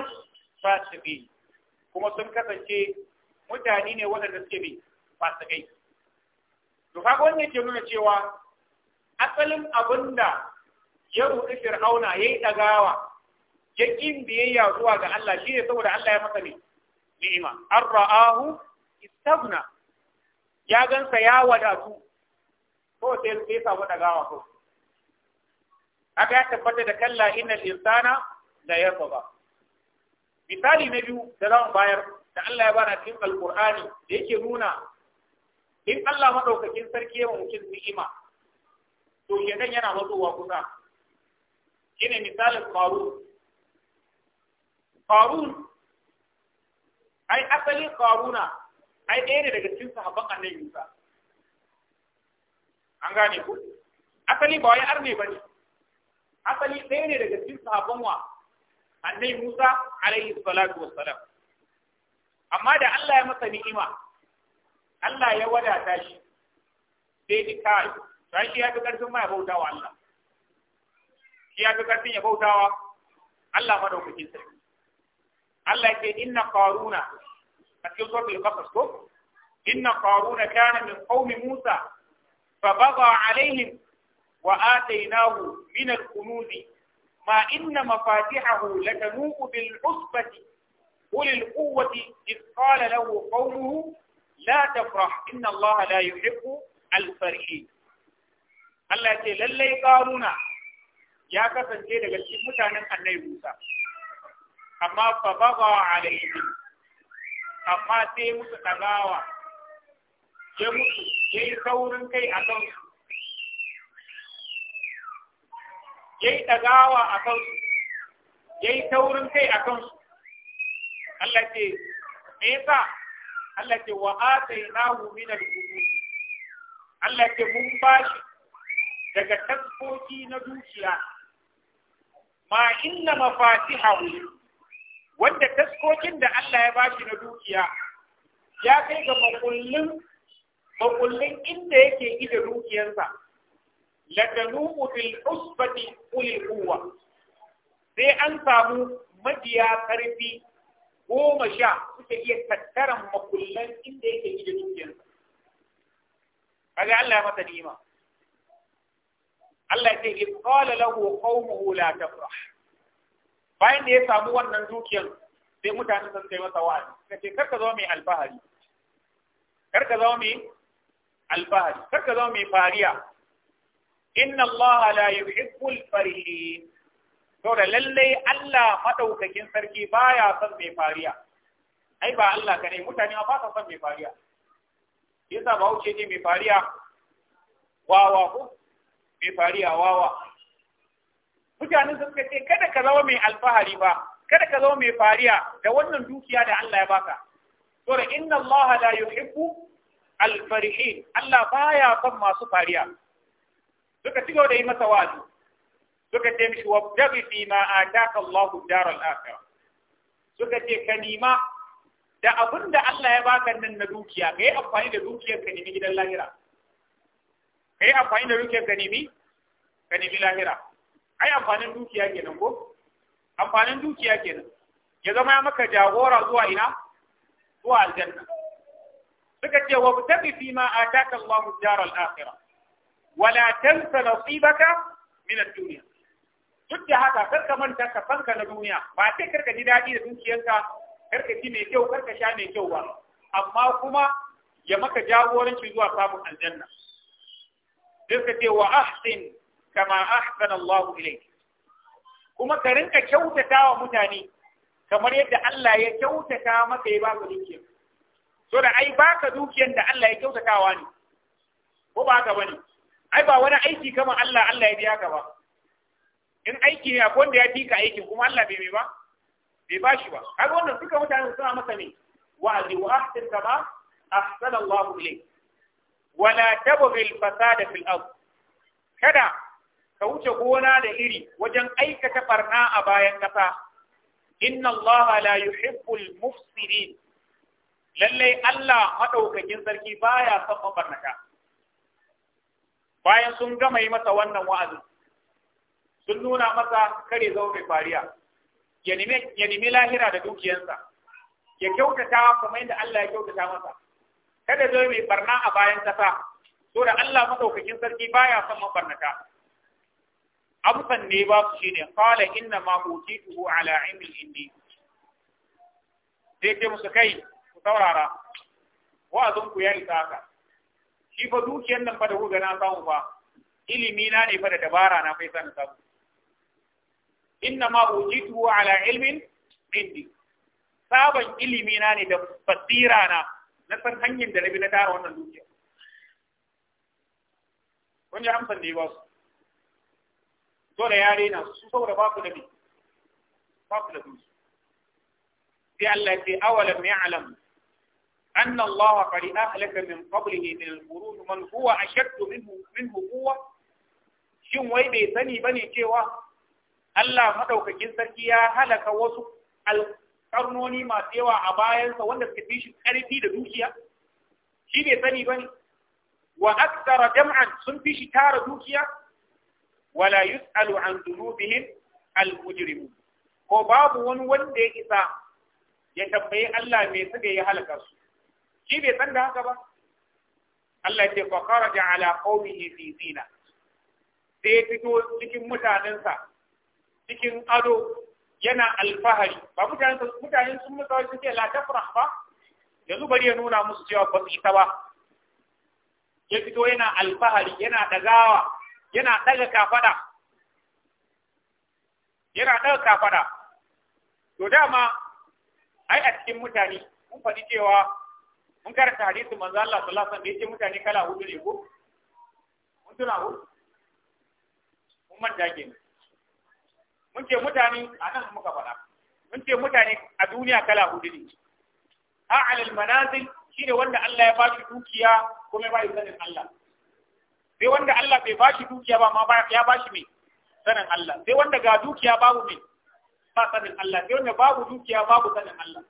fasiqin kuma sun kasance mutane ne waɗanda suke bi fasikai to kaga wannan ke nuna cewa asalin abin da ya ruɗi fir'auna ya yi ɗagawa ya ƙin biyayya zuwa ga Allah shi ne saboda Allah ya masa ne ni'ima an ra'ahu istagna ya gansa ya wadatu ko sai sai samu ɗagawa ko aka ya tabbata da kalla innal insana la ba. misali na biyu da za mu bayar da Allah ya bana cikin alkur'ani da yake nuna in Allah madaukakin sarki ya mutum ni'ima to shedan yana matsowa kusa shine misalin qarun qarun ai asalin qaruna ai ɗaya ne daga cikin sahabban annabi Musa an gane ku asali ba wai arne bane asali ɗaya ne daga cikin sahabban wa annabi Musa alaihi salatu wassalam amma da Allah ya masa ni'ima Allah ya wadata shi sai ni kai sai shi ya fi karfin ma ya bauta wa Allah shi ya fi karfin ya bauta wa Allah madaukakin sarki Allah ya ce inna qaruna a cikin suratul qasas ko inna qaruna kana min qaumi Musa fa baga alaihim wa atainahu min al-kunuz ma inna mafatihahu latanu'u bil usbati ulil quwwati id qala lahu qawmuhu la tafrah inna Allah la yuhibbu al Allah ce lallai karuna ya kasance daga cikin mutanen annabi Musa amma fa baga alaihi amma sai musu dagawa ya mutu ya yi saurin kai a kansu ya yi ɗagawa a kansu ya yi taurin kai a kansu Allah ce me yasa Allah ce wa atainahu min al-qurun Allah ce mun bashi daga taskoki na dukiya ma inna mafatihahu wanda taskokin da Allah ya bashi na dukiya ya kai ga makullin makullin inda yake gida dukiyarsa latanu'u bil usbati ulil quwwa sai an samu mabiya karfi goma sha suke iya tattaran makullan inda yake gida dukiyarsa kaga Allah ya masa ni'ima Allah ya ce in qala lahu qaumuhu la tafrah bayan da ya samu wannan dukiyar sai mutane sun kai masa wa'azi suka ce karka zama mai alfahari karka zama mai alfahari karka zama mai fariya inna Allah la yuhibbul farihin to da lalle Allah madaukakin sarki baya son mai fariya ai ba Allah kane mutane ba sa son mai fariya yasa ba wuce ne mai fariya wawa ko mai fariya wawa mutanen suka ce kada ka zama mai alfahari ba kada ka zama mai fariya da wannan dukiya da Allah ya baka to da inna Allah la yuhibbu al-farihin Allah baya son masu fariya suka ci gaba da yi masa wa'azi suka ce mishi wa dabi fi ma ataka Allahu daral akhirah suka ce ka nima da abin da Allah ya baka nan na dukiya kai amfani da dukiyar ka nemi gidan lahira kai amfani da dukiyar ka nemi ka nemi lahira ai amfanin dukiya kenan ko amfanin dukiya kenan ya zama ya maka jagora zuwa ina zuwa aljanna suka ce wa dabi fi ma ataka Allahu daral akhirah wala tansa nasibaka min ad-dunya duk da haka kar ka manta ka fanka na duniya ba sai kar ka ji daɗi da dukiyarka kar ka ji mai kyau kar ka sha mai kyau ba amma kuma ya maka jagoranci zuwa samun aljanna sai ka ce wa ahsin kama ahsana Allah ilayk kuma ka rinka kyautata wa mutane kamar yadda Allah ya kyautata maka ya baka dukiya so da ai baka dukiyan da Allah ya kyautatawa ne ko ba ka bane ai ba wani aiki kama Allah Allah ya biya ka ba in aiki ne akwai wanda ya fi ka aikin kuma Allah bai ba bai ba shi ba kaga wannan duka mutane suna masa ne wa'azi wa ahsin kama ahsana Allah ilayk wala tabghi al-fasada fil ard kada ka wuce gona da iri wajen aikata barna a bayan kasa inna Allah la yuhibbul mufsidin lallai Allah madaukakin sarki baya son mabarnata bayan sun gama yi masa wannan wa'azin sun nuna masa kare zama mai fariya ya nemi lahira da dukiyansa ya kyautata kuma yadda Allah ya kyautata masa kada zai mai barna a bayan kasa so da Allah masaukakin sarki baya son mabarnata amsan ne ba su ne, qala inna ma utituhu ala ilmin indi sai ke musu kai ku saurara wa'azinku ya isa haka shi fa dukiyar nan fa da kuka na samu fa ilimi na ne fa da dabara na fa sanin na samu inna ma ujitu ala ilmin indi saban ilimi na ne da basira na na san hanyar da rabi na tara wannan dukiya kun ji amsan da ba su so da yare na su saboda ba ku da bi ba ku da dukiya sai Allah ya ce awalam ya'lam أن الله قد أهلك من قبله من القرون من هو أشد منه shin wai bai sani bane cewa Allah Maɗaukakin sarki ya halaka wasu alƙarnoni masu yawa a bayansa wanda suka fi shi ƙarfi da dukiya shi bai sani bane wa aktara jam'an sun fi shi tara dukiya wala yus'alu an dhunubihim al-mujrimun ko babu wani wanda ya isa ya tambayi Allah me suka ya halaka su shi bai san da haka ba Allah ce fa kharaja ala qaumihi fi zina sai fito cikin mutanensa cikin ado yana alfahari ba mutane mutanen sun musa wasu ce la tafrah ba yanzu bari ya nuna musu cewa ba su ta ba ya fito yana alfahari yana dagawa yana daga kafada yana daga kafada to dama ai a cikin mutane kun faɗi cewa mun karanta hadisi manzo Allah sallallahu alaihi wasallam da yake mutane kala hudu ne ko mun tuna ko mun manta kenan mun ce mutane a nan muka faɗa mun ce mutane a duniya kala hudu ne a alal manazil shine wanda Allah ya bashi dukiya kuma ya bashi sanin Allah sai wanda Allah bai bashi dukiya ba ma ya bashi mai sanin Allah sai wanda ga dukiya babu mai ba sanin Allah sai wanda babu dukiya babu sanin Allah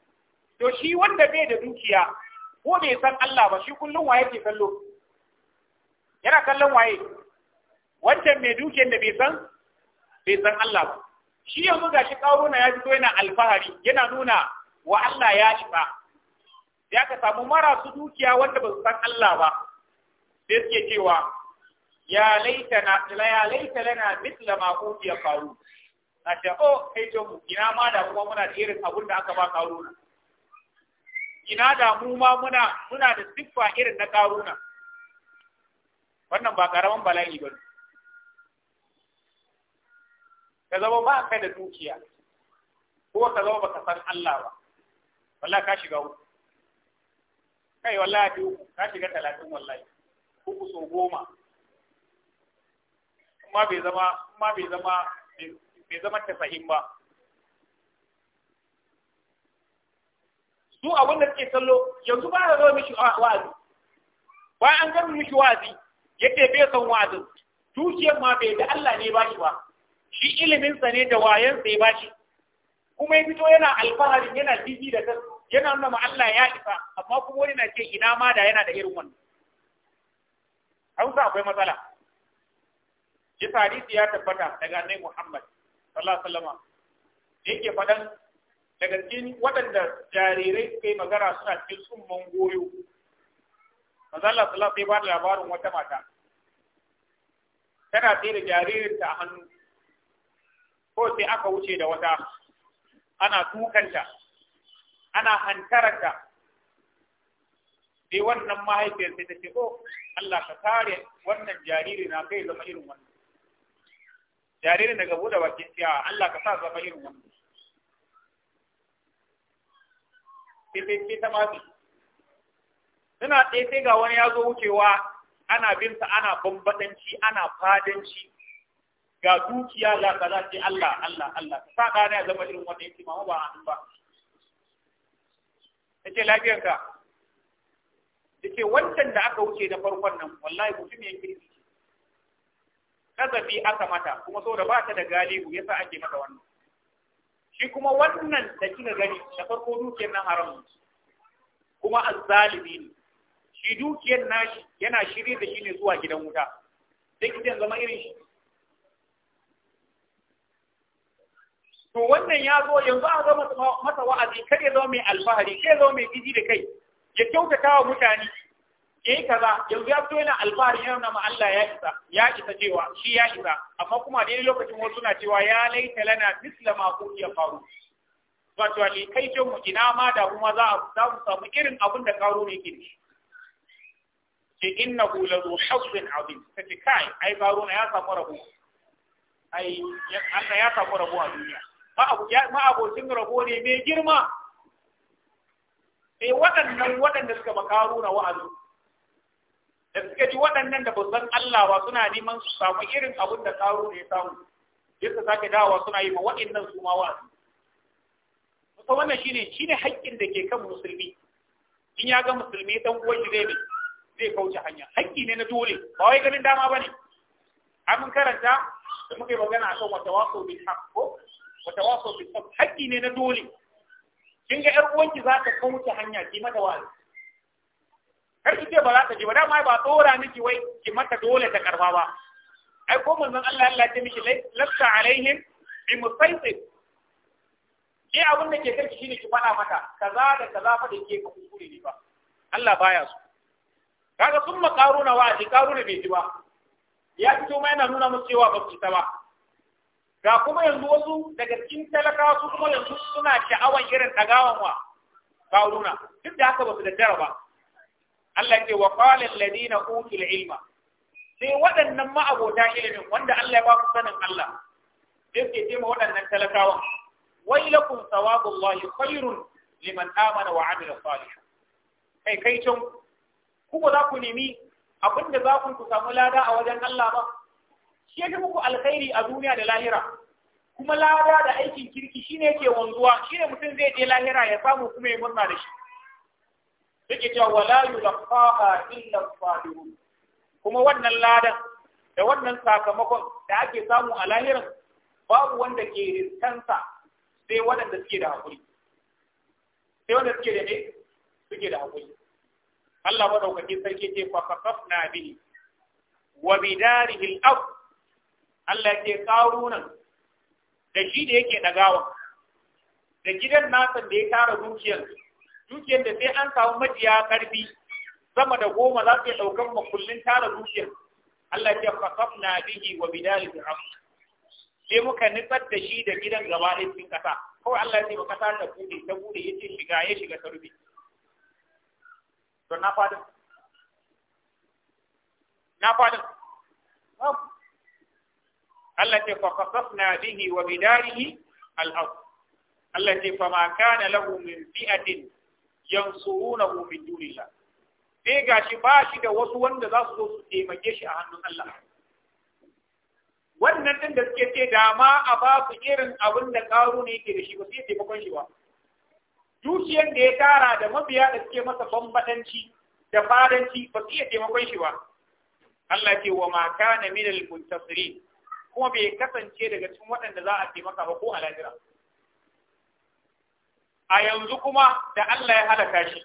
to shi wanda bai da dukiya ko bai san Allah ba shi kullum waye ke kallo yana kallon waye wancan mai dukiyar da bai san bai san Allah ba shi ya ga shi na ya fito yana alfahari yana nuna wa Allah ya isa Ya ka samu marasu dukiya wanda ba su san Allah ba sai suke cewa ya laitana ya laita lana mithla ma utiya qarun a ce o oh, kai to mu ina ma da kuma muna da irin abun da aka ba qaruna ina da mu ma muna muna da siffa irin na karuna wannan ba karaman bala'i ba ka zama ba kai da dukiya ko ka zama ba ka san Allah ba wallahi ka shiga uku kai wallahi ka uku ka shiga talatin wallahi uku so goma kuma bai zama kuma bai zama bai zama tasa'in ba mu abin da suke kallo yanzu ba a zo mishi wa'azi ba an gano mishi wa'azi yake bai san wa'azin dukiyar ma bai da Allah ne bashi ba shi ilimin sa ne da wayan sai bashi kuma ya fito yana alfahari yana bibi da kan yana nuna ma Allah ya isa amma kuma wani na ce ina ma da yana da irin wannan Hausa akwai matsala Ji hadisi ya tabbata daga Annabi Muhammad sallallahu alaihi wasallam yake fadan daga cikin waɗanda jarirai suka yi magana suna cikin tsumman goyo mazalla Allah sallallahu alaihi wasallam labarin wata mata tana tsaye da jaririnta a hannu ko sai aka wuce da wata ana tukanta ana hantaranta sai wannan mahaifiyar sai ta ce ko: oh, Allah ka kare wannan jariri na kai zama irin wannan jaririn daga bude bakin siya Allah ka sa zama irin wannan sai ta mafi suna tsaye ga wani ya zo wucewa ana binsa ana bambadanci ana fadanci ga dukiya ga kaza sai Allah Allah Allah ka sa ɗana ya zama irin wannan yake mama ba hannu ba yace lafiyarka ce wancan da aka wuce na farkon nan wallahi mutum ya kirki kazafi aka mata kuma saboda ba ta da galibu yasa ake mata wannan shi kuma wannan da kika gani da farko dukiyar nan haram kuma azzalimi ne shi dukiyar nashi yana shirye da shi ne zuwa gidan wuta sai kidan zama irin shi to wannan ya zo yanzu a zama masa wa'azi kar ya zama mai alfahari kar ya zama mai biji da kai ya kyautata wa mutane yayi kaza yanzu ya fito yana alfahari yana ma Allah ya isa ya isa cewa shi ya isa amma kuma dai lokacin wasu na cewa ya laita lana misla ma ku ya faru wato ali kai ce mu ina ma da kuma za a za mu samu irin abin da karo ne ke shi ce innahu la zu hazzin azim sai kai ai karo na ya samu rabo ai Allah ya samu rabo a duniya ma abu ya ma abocin rabo ne mai girma eh waɗannan waɗanda suka makaruna karo wa'azi da suka ji waɗannan da ba san Allah ba suna neman su samu irin abin da da ne samu sai za sake dawowa suna yi ma waɗannan su ma wa'azi kuma wannan shine shine haƙƙin da ke kan musulmi in ya ga musulmi dan uwan shi zai zai kauce hanya haƙƙi ne na dole ba wai ganin dama bane mun karanta da muka yi magana akan wata waso bil haqq wata waso bil haƙƙi ne na dole kin ga ƴar uwanki za ta kauce hanya ki mata wa'azi kar ki ce ba za ta ji ba dama ba tsora miki wai ki mata dole ta karba ba ai ko san Allah Allah ya miki lafta alaihim bi musaitir ke abun da ke kanki shine ki faɗa mata kaza da kaza fa da ke kuskure ne ba Allah baya so kaga sun makaruna wa shi karuna bai ji ba ya fito ma yana nuna musu cewa ba ta ba ga kuma yanzu wasu daga cikin talakawa su kuma yanzu suna sha'awar irin dagawan wa karuna duk da haka ba su da ba Allah ce wa qala alladhina utul ilma sai waɗannan ma'abota ilimin wanda Allah ya ba ku sanin Allah sai ke ce ma waɗannan talakawan wailakum thawabullahi khairun liman amana wa amila salihan kai kai can ku ba za ku nemi abinda za ku ku samu lada a wajen Allah ba shi yake muku alkhairi a duniya da lahira kuma lada da aikin kirki shine yake wanzuwa shine mutum zai je lahira ya samu kuma ya murna da shi suke cewa wala yulqaha illa as-sabirun kuma wannan ladan da wannan sakamakon da ake samu a lahirin babu wanda ke riskansa sai wanda suke da hakuri sai wanda suke da ne suke da hakuri Allah madaukakin sarki ce fa fasafna bihi wa bidarihi al-ard Allah ke karuna da shi da yake dagawa da gidan nasan da ya tara dukiyar dukiyar da sai an samu majiya karfi sama da goma za su iya ɗaukar makullin tara dukiyar Allah ya fasaf na bihi wa bidal bi am sai muka nitsar da shi da gidan gaba ɗaya cikin ƙasa kawai Allah ya ce ba ƙasa ta bude ta bude ya shiga ya shiga ta rufe to na fada na fada Allah ya ce fasaf na bihi wa bidalihi al-ard Allah ya ce fa ma kana lahu min fi'atin yansurunahu min dunillah sai gashi ba shi da wasu wanda za su zo su taimake shi a hannun Allah wannan din da suke ce dama a ba su irin abin da karu ne yake da shi ba sai taimakon shi ba dukiyar da ya tara da mabiya da suke masa bambadanci da faranci ba su iya taimakon shi ba Allah ce wa maka na min al-muntasirin kuma bai kasance daga cikin waɗanda za a taimaka ba ko a lahira a yanzu kuma da Allah ya halaka shi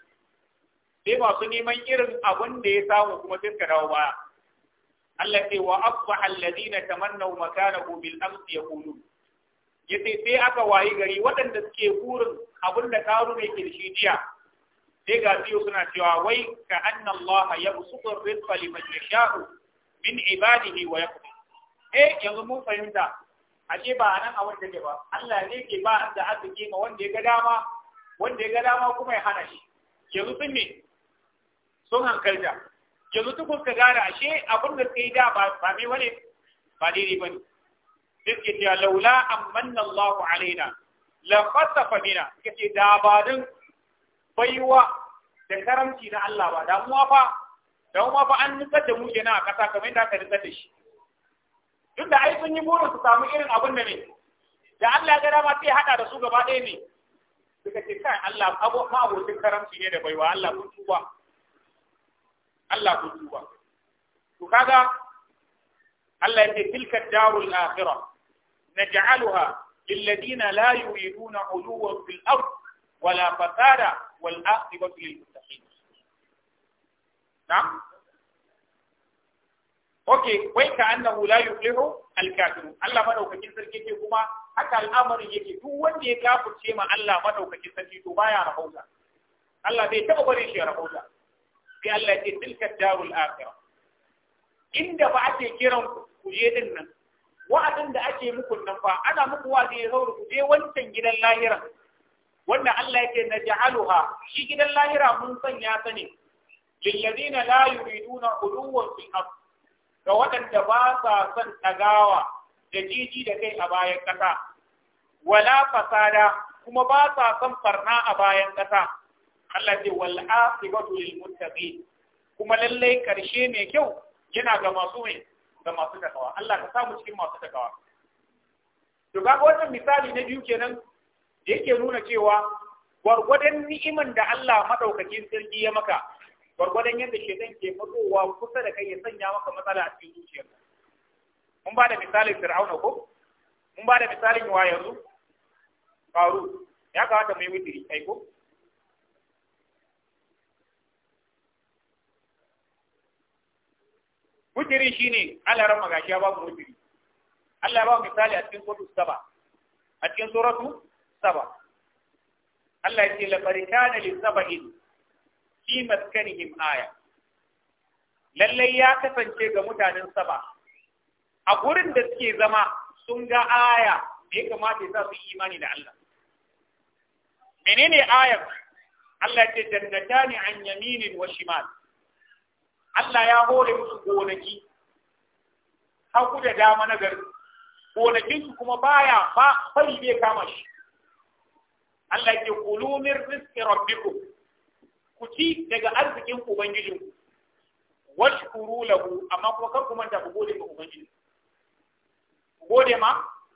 sai masu neman irin abin da ya samu kuma sai suka dawo baya Allah sai wa asbaha alladhina tamannaw makanahu bil amsi yaqulu yace sai aka wayi gari waɗanda suke burin abin da karu ne ke jiya sai ga biyu suna cewa wai ka anna Allah yabsutu rizqa liman yasha'u min ibadihi wa yaqdi eh yanzu mun fahimta ashe ba anan abin da ke ba Allah ne ke ba da arziki ma wanda ya ga dama wanda ya ga dama kuma ya hana shi yanzu sun ne sun hankalta yanzu kun ka gane ashe abin da suka yi da ba mai wani ba daidai ba ne sai suke cewa laula an manna ku alaina la khasafa bina suka ce da ba don baiwa da karamci na Allah ba damuwa fa damuwa fa an nutsar da mu na a kasa kamar yadda aka nutsar da shi duk da ai sun yi burin su samu irin abin da ne da Allah ya ga dama sai hada da su gaba ɗaya ne suka ce kai Allah abu ma abokin karamci ne da baiwa Allah kun tuba Allah kun tuba to kaga Allah ya ce tilka darul akhirah naj'aluha للذين لا يريدون علوا في الأرض ولا فسادا والعاقبة للمتقين نعم اوكي ويك انه لا يفلح الكافرون الله ما دوكين سركي كي كما haka al'amarin yake duk wanda ya kafurce ma Allah madaukakin sarki to baya rahauta Allah bai taba bari shi ya rahauta sai Allah ya ce tilka darul akhirah inda ba ake kiran ku je din nan wa'adin da ake muku nan fa ana muku wa'azi ya zaura ku je wancan gidan lahira wanda Allah ya ce naj'aluha shi gidan lahira mun sanya ta ne lilladina la yuriduna uluwan fil ard ga waɗanda ba sa son tagawa da jiji da kai a bayan kasa. wala fasada kuma ba sa son farna a bayan ƙasa Allah ce wal aqibatu lil muttaqin kuma lallai karshe mai kyau yana ga masu mai ga masu takawa Allah ka samu cikin masu takawa to ga wannan misali na biyu kenan da yake nuna cewa gwargwadon ni'iman da Allah madaukakin sarki ya maka gwargwadon yadda shedan ke matsowa kusa da kai ya sanya maka matsala a cikin zuciyarka mun ba da misalin fir'auna ko mun ba da misalin wa yanzu faru ya kamata mu yi witiri ai ko witiri shine Allah ran magashi ya ba mu witiri Allah ya ba mu misali a cikin suratu saba a cikin suratu saba Allah ya ce la barikana li sabahin fi maskanihim aya lallai ya kasance ga mutanen saba a gurin da suke zama sun ga aya da ya kamata ya sa su imani da Allah menene ayar Allah ya ce jannatani an yaminin wa shimal Allah ya hore musu gonaki ku da dama na gari gonakin su kuma baya ba fari bai kama shi Allah ya ce kulu min rizqi rabbikum ku ci daga arzikin ku washkuru lahu amma kuma kar ku manta ku gode ma ubangiji ku gode ma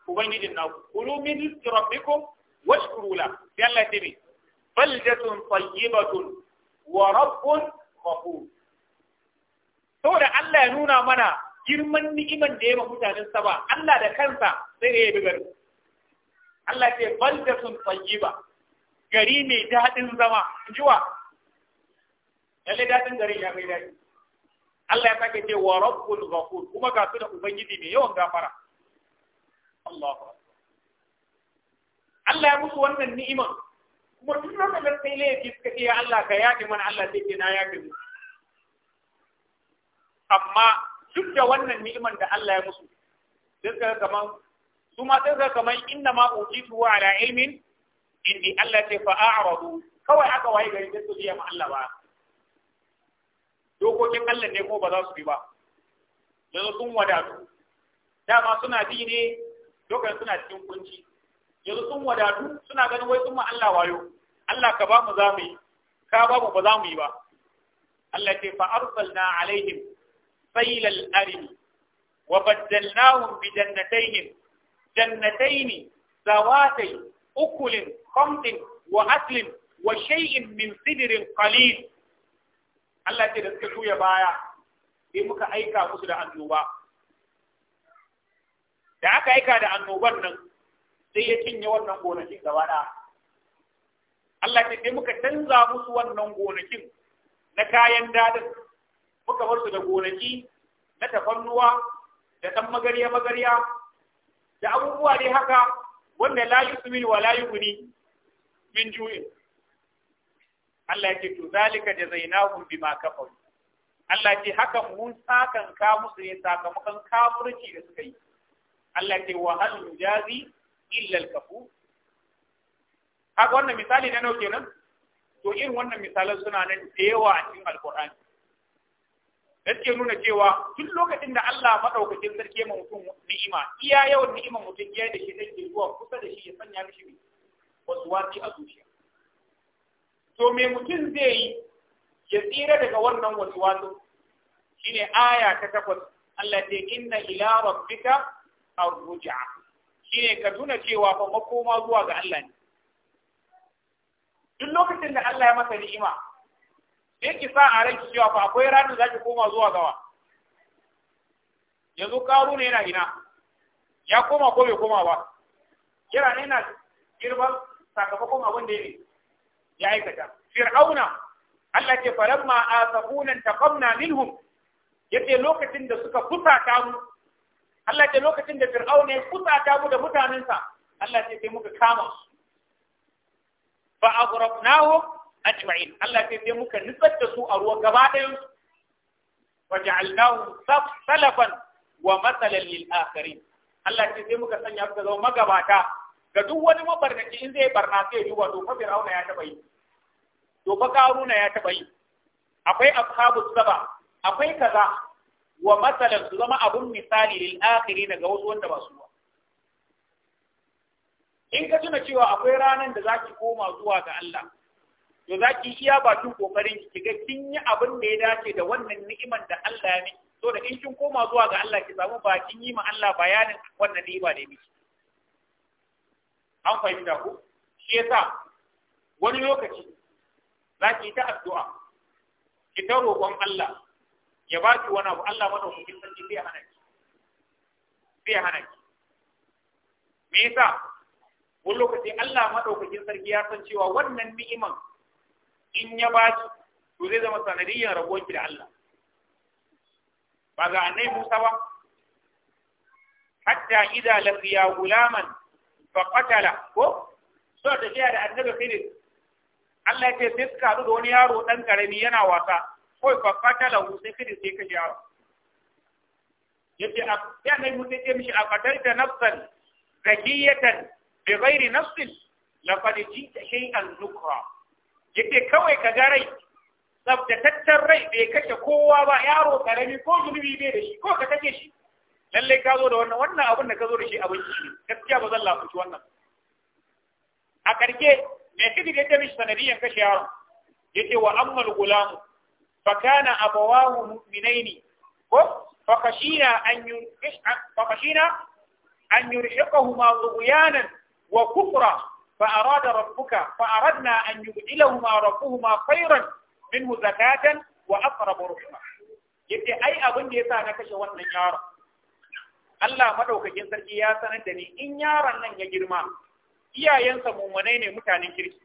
ubangijin naku kulu min rizqi rabbikum washkuru lahu yalla tibi ce baldatun tayyibatun wa rabbun ghafur da Allah ya nuna mana girman ni'iman da ya ma mutanen sa ba Allah da kansa sai ya yi gari Allah ce baldatun tayyiba gari mai daɗin zama jiwa lalle daɗin gari ya mai daɗi Allah ya sake ce wa rabbul ghafur kuma ga su da ubangiji mai yawan gafara Allahu Allah ya musu wannan ni'ima kuma duk nan da sai laifi suka ce ya Allah ka yaƙi mana Allah sai ke na yaƙi mu amma duk da wannan ni'iman da Allah ya musu sai suka kaman su ma sai suka kaman inna ma ujitu wa ala ilmin indi Allah ce fa a'radu kawai aka waye gari sai su biya ma Allah ba dokokin Allah ne ko ba za su bi ba yanzu sun wadatu dama suna bi ne lokacin suna cikin kunci yanzu sun wadatu suna ganin wai sun ma Allah wayo Allah ka ba mu za mu yi ka ba mu ba za mu yi ba Allah ce fa arsalna alaihim sailal arimi wa baddalnahum bi jannatayn jannatayn zawatay ukulin khamdin wa aslin wa shay'in min sidrin qalil Allah ce da suka tuya baya sai muka aika musu da annoba da aka aika da annoban nan sai ya cinye wannan gonakin gaba ɗaya Allah ce sai muka canza musu wannan gonakin na kayan dadin muka bar su da gonaki na tafannuwa da ɗan magarya magarya da abubuwa dai haka wanda la yusmin wa la yughni min ju'in Allah ce to zalika jazainahum bima kafaru Allah ce hakan mun sakan ka musu ne sakamakon kafirci da suka yi Allah ce wa hal mujazi illa al-kafu haka wannan misali na nauke nan to irin wannan misalan suna nan da yawa a cikin alqur'ani da ke nuna cewa tun lokacin da Allah madaukakin sarki ya mutum ni'ima iya yawan ni'ima mutum ya da shi take zuwa kusa da shi ya sanya mishi wasu wasi a zuciya to me mutum zai yi ya tsira daga wannan wasu wasu shine aya ta takwas Allah ce inna ila rabbika arruja'a shine ka tuna cewa fa makoma zuwa ga Allah ne duk lokacin da Allah ya masa ni'ima sai ki sa a ranki cewa fa akwai ranar ki koma zuwa gawa yanzu karu ne yana ina ya koma ko bai koma ba kira ne na girban sakamakon abin da ya aikata fir'auna Allah ce a sabunan taqamna minhum yace lokacin da suka fusata mu Allah ce lokacin da Fir'aun kusa kusata mu da mutanensa Allah ce sai muka kama su fa aghraqnahum ajma'in Allah ce sai muka nutsar da su a ruwan gaba ɗayan su wa ja'alnahu salafan wa matsalan lil akhirin. Allah ce sai muka sanya su zama magabata ga duk wani mabarnaci in zai barna sai yi wato fa Fir'aun ya taba yi to fa Karuna ya taba yi akwai ashabu saba akwai kaza wa matsalar su zama abun misali lil akhiri daga wasu wanda ba su ba in ka tuna cewa akwai ranar da zaki koma zuwa ga Allah to zaki iya bakin kokarin ki ga kin yi abin da ya dace da wannan ni'imar da Allah ya miki to da in kin koma zuwa ga Allah ki samu bakin yi ma Allah bayanin wannan ni'ima da miki an fahimta ku shi yasa wani lokaci zaki ta addu'a ki ta roƙon Allah ya ba ki wani abu Allah madaukakin sarki zai hana ki zai hana ki me yasa wani lokaci Allah madaukakin sarki ya san cewa wannan ni'iman in ya ba ki to zai zama sanadiyyar rabuwar ki da Allah ba ga annai Musa ba hatta idza laqiya gulaman fa qatala ko so da da annabi Khidir Allah ya ce sai suka haɗu da wani yaro ɗan ƙarami yana wasa kawai fa fatala hu sai kidin sai kashe yaro yace a ya nai mutum ce mishi a da nafsan zakiyatan bi ghairi nafsin laqad jita shay'an nukra yace kawai ka garai rai tattar rai bai kashe kowa ba yaro karami ko zunubi bai da shi ko ka take shi lallai ka zo da wannan wannan abin da ka zo da shi abin shi gaskiya ba zan lafuci wannan a karke mai kidi da ta mishi sanadiyan kashe yaro yace wa ammal gulamu فكان أبواه مؤمنين فخشينا أن فخشينا أن يرحقهما طغيانا وكفرا فأراد ربك فأردنا أن يبدلهما ربهما خيرا منه زكاة وأقرب رحمة yace ai abin da yasa na kashe wannan yaron Allah madaukakin sarki ya sanar da ni in yaron nan ya girma iyayensa mummunai ne mutanen kirki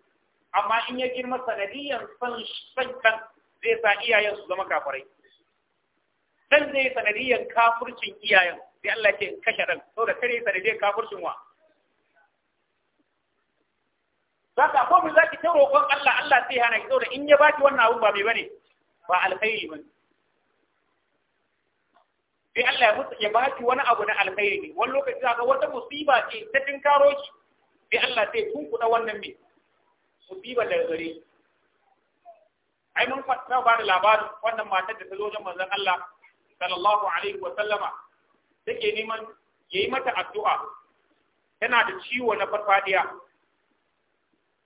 amma in ya girma sanadiyan san san zai sa iyayen su zama kafirai dan ne sanadiyan kafircin iyayen sai Allah ke kashe dan da kare sanadiyan kafircin wa saka ko mun zaki ta roƙon Allah Allah sai hana ki saboda in ya baki wannan abun ba mai bane ba alkhairi ba. sai Allah ya mutu ya baki wani abu na alkhairi ne wani lokaci zaka wata musiba ce ta tinkaro ki sai Allah sai tunkuɗa wannan me musiba da gare ai mun fata ba da labarin wannan matar da ta zo wajen manzon Allah sallallahu alaihi wa sallama take neman yayi mata addu'a tana da ciwo na farfadiya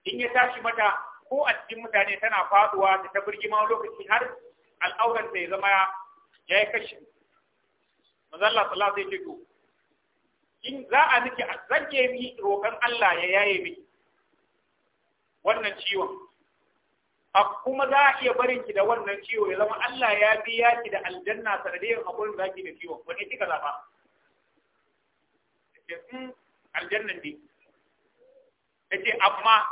in ya tashi mata ko a cikin mutane tana faduwa da ta birgi ma lokaci har al'auran ya zama ya yi kashi manzon Allah sallallahu alaihi wa in za a miki zan ke mi roƙon Allah ya yaye mi wannan ciwon a kuma za a iya barin ki da wannan ciwo ya zama Allah ya biya ki da aljanna sanadiyar hakurin da ki da ciwo wani kika zafa ce sun hmm, aljannan ne ce amma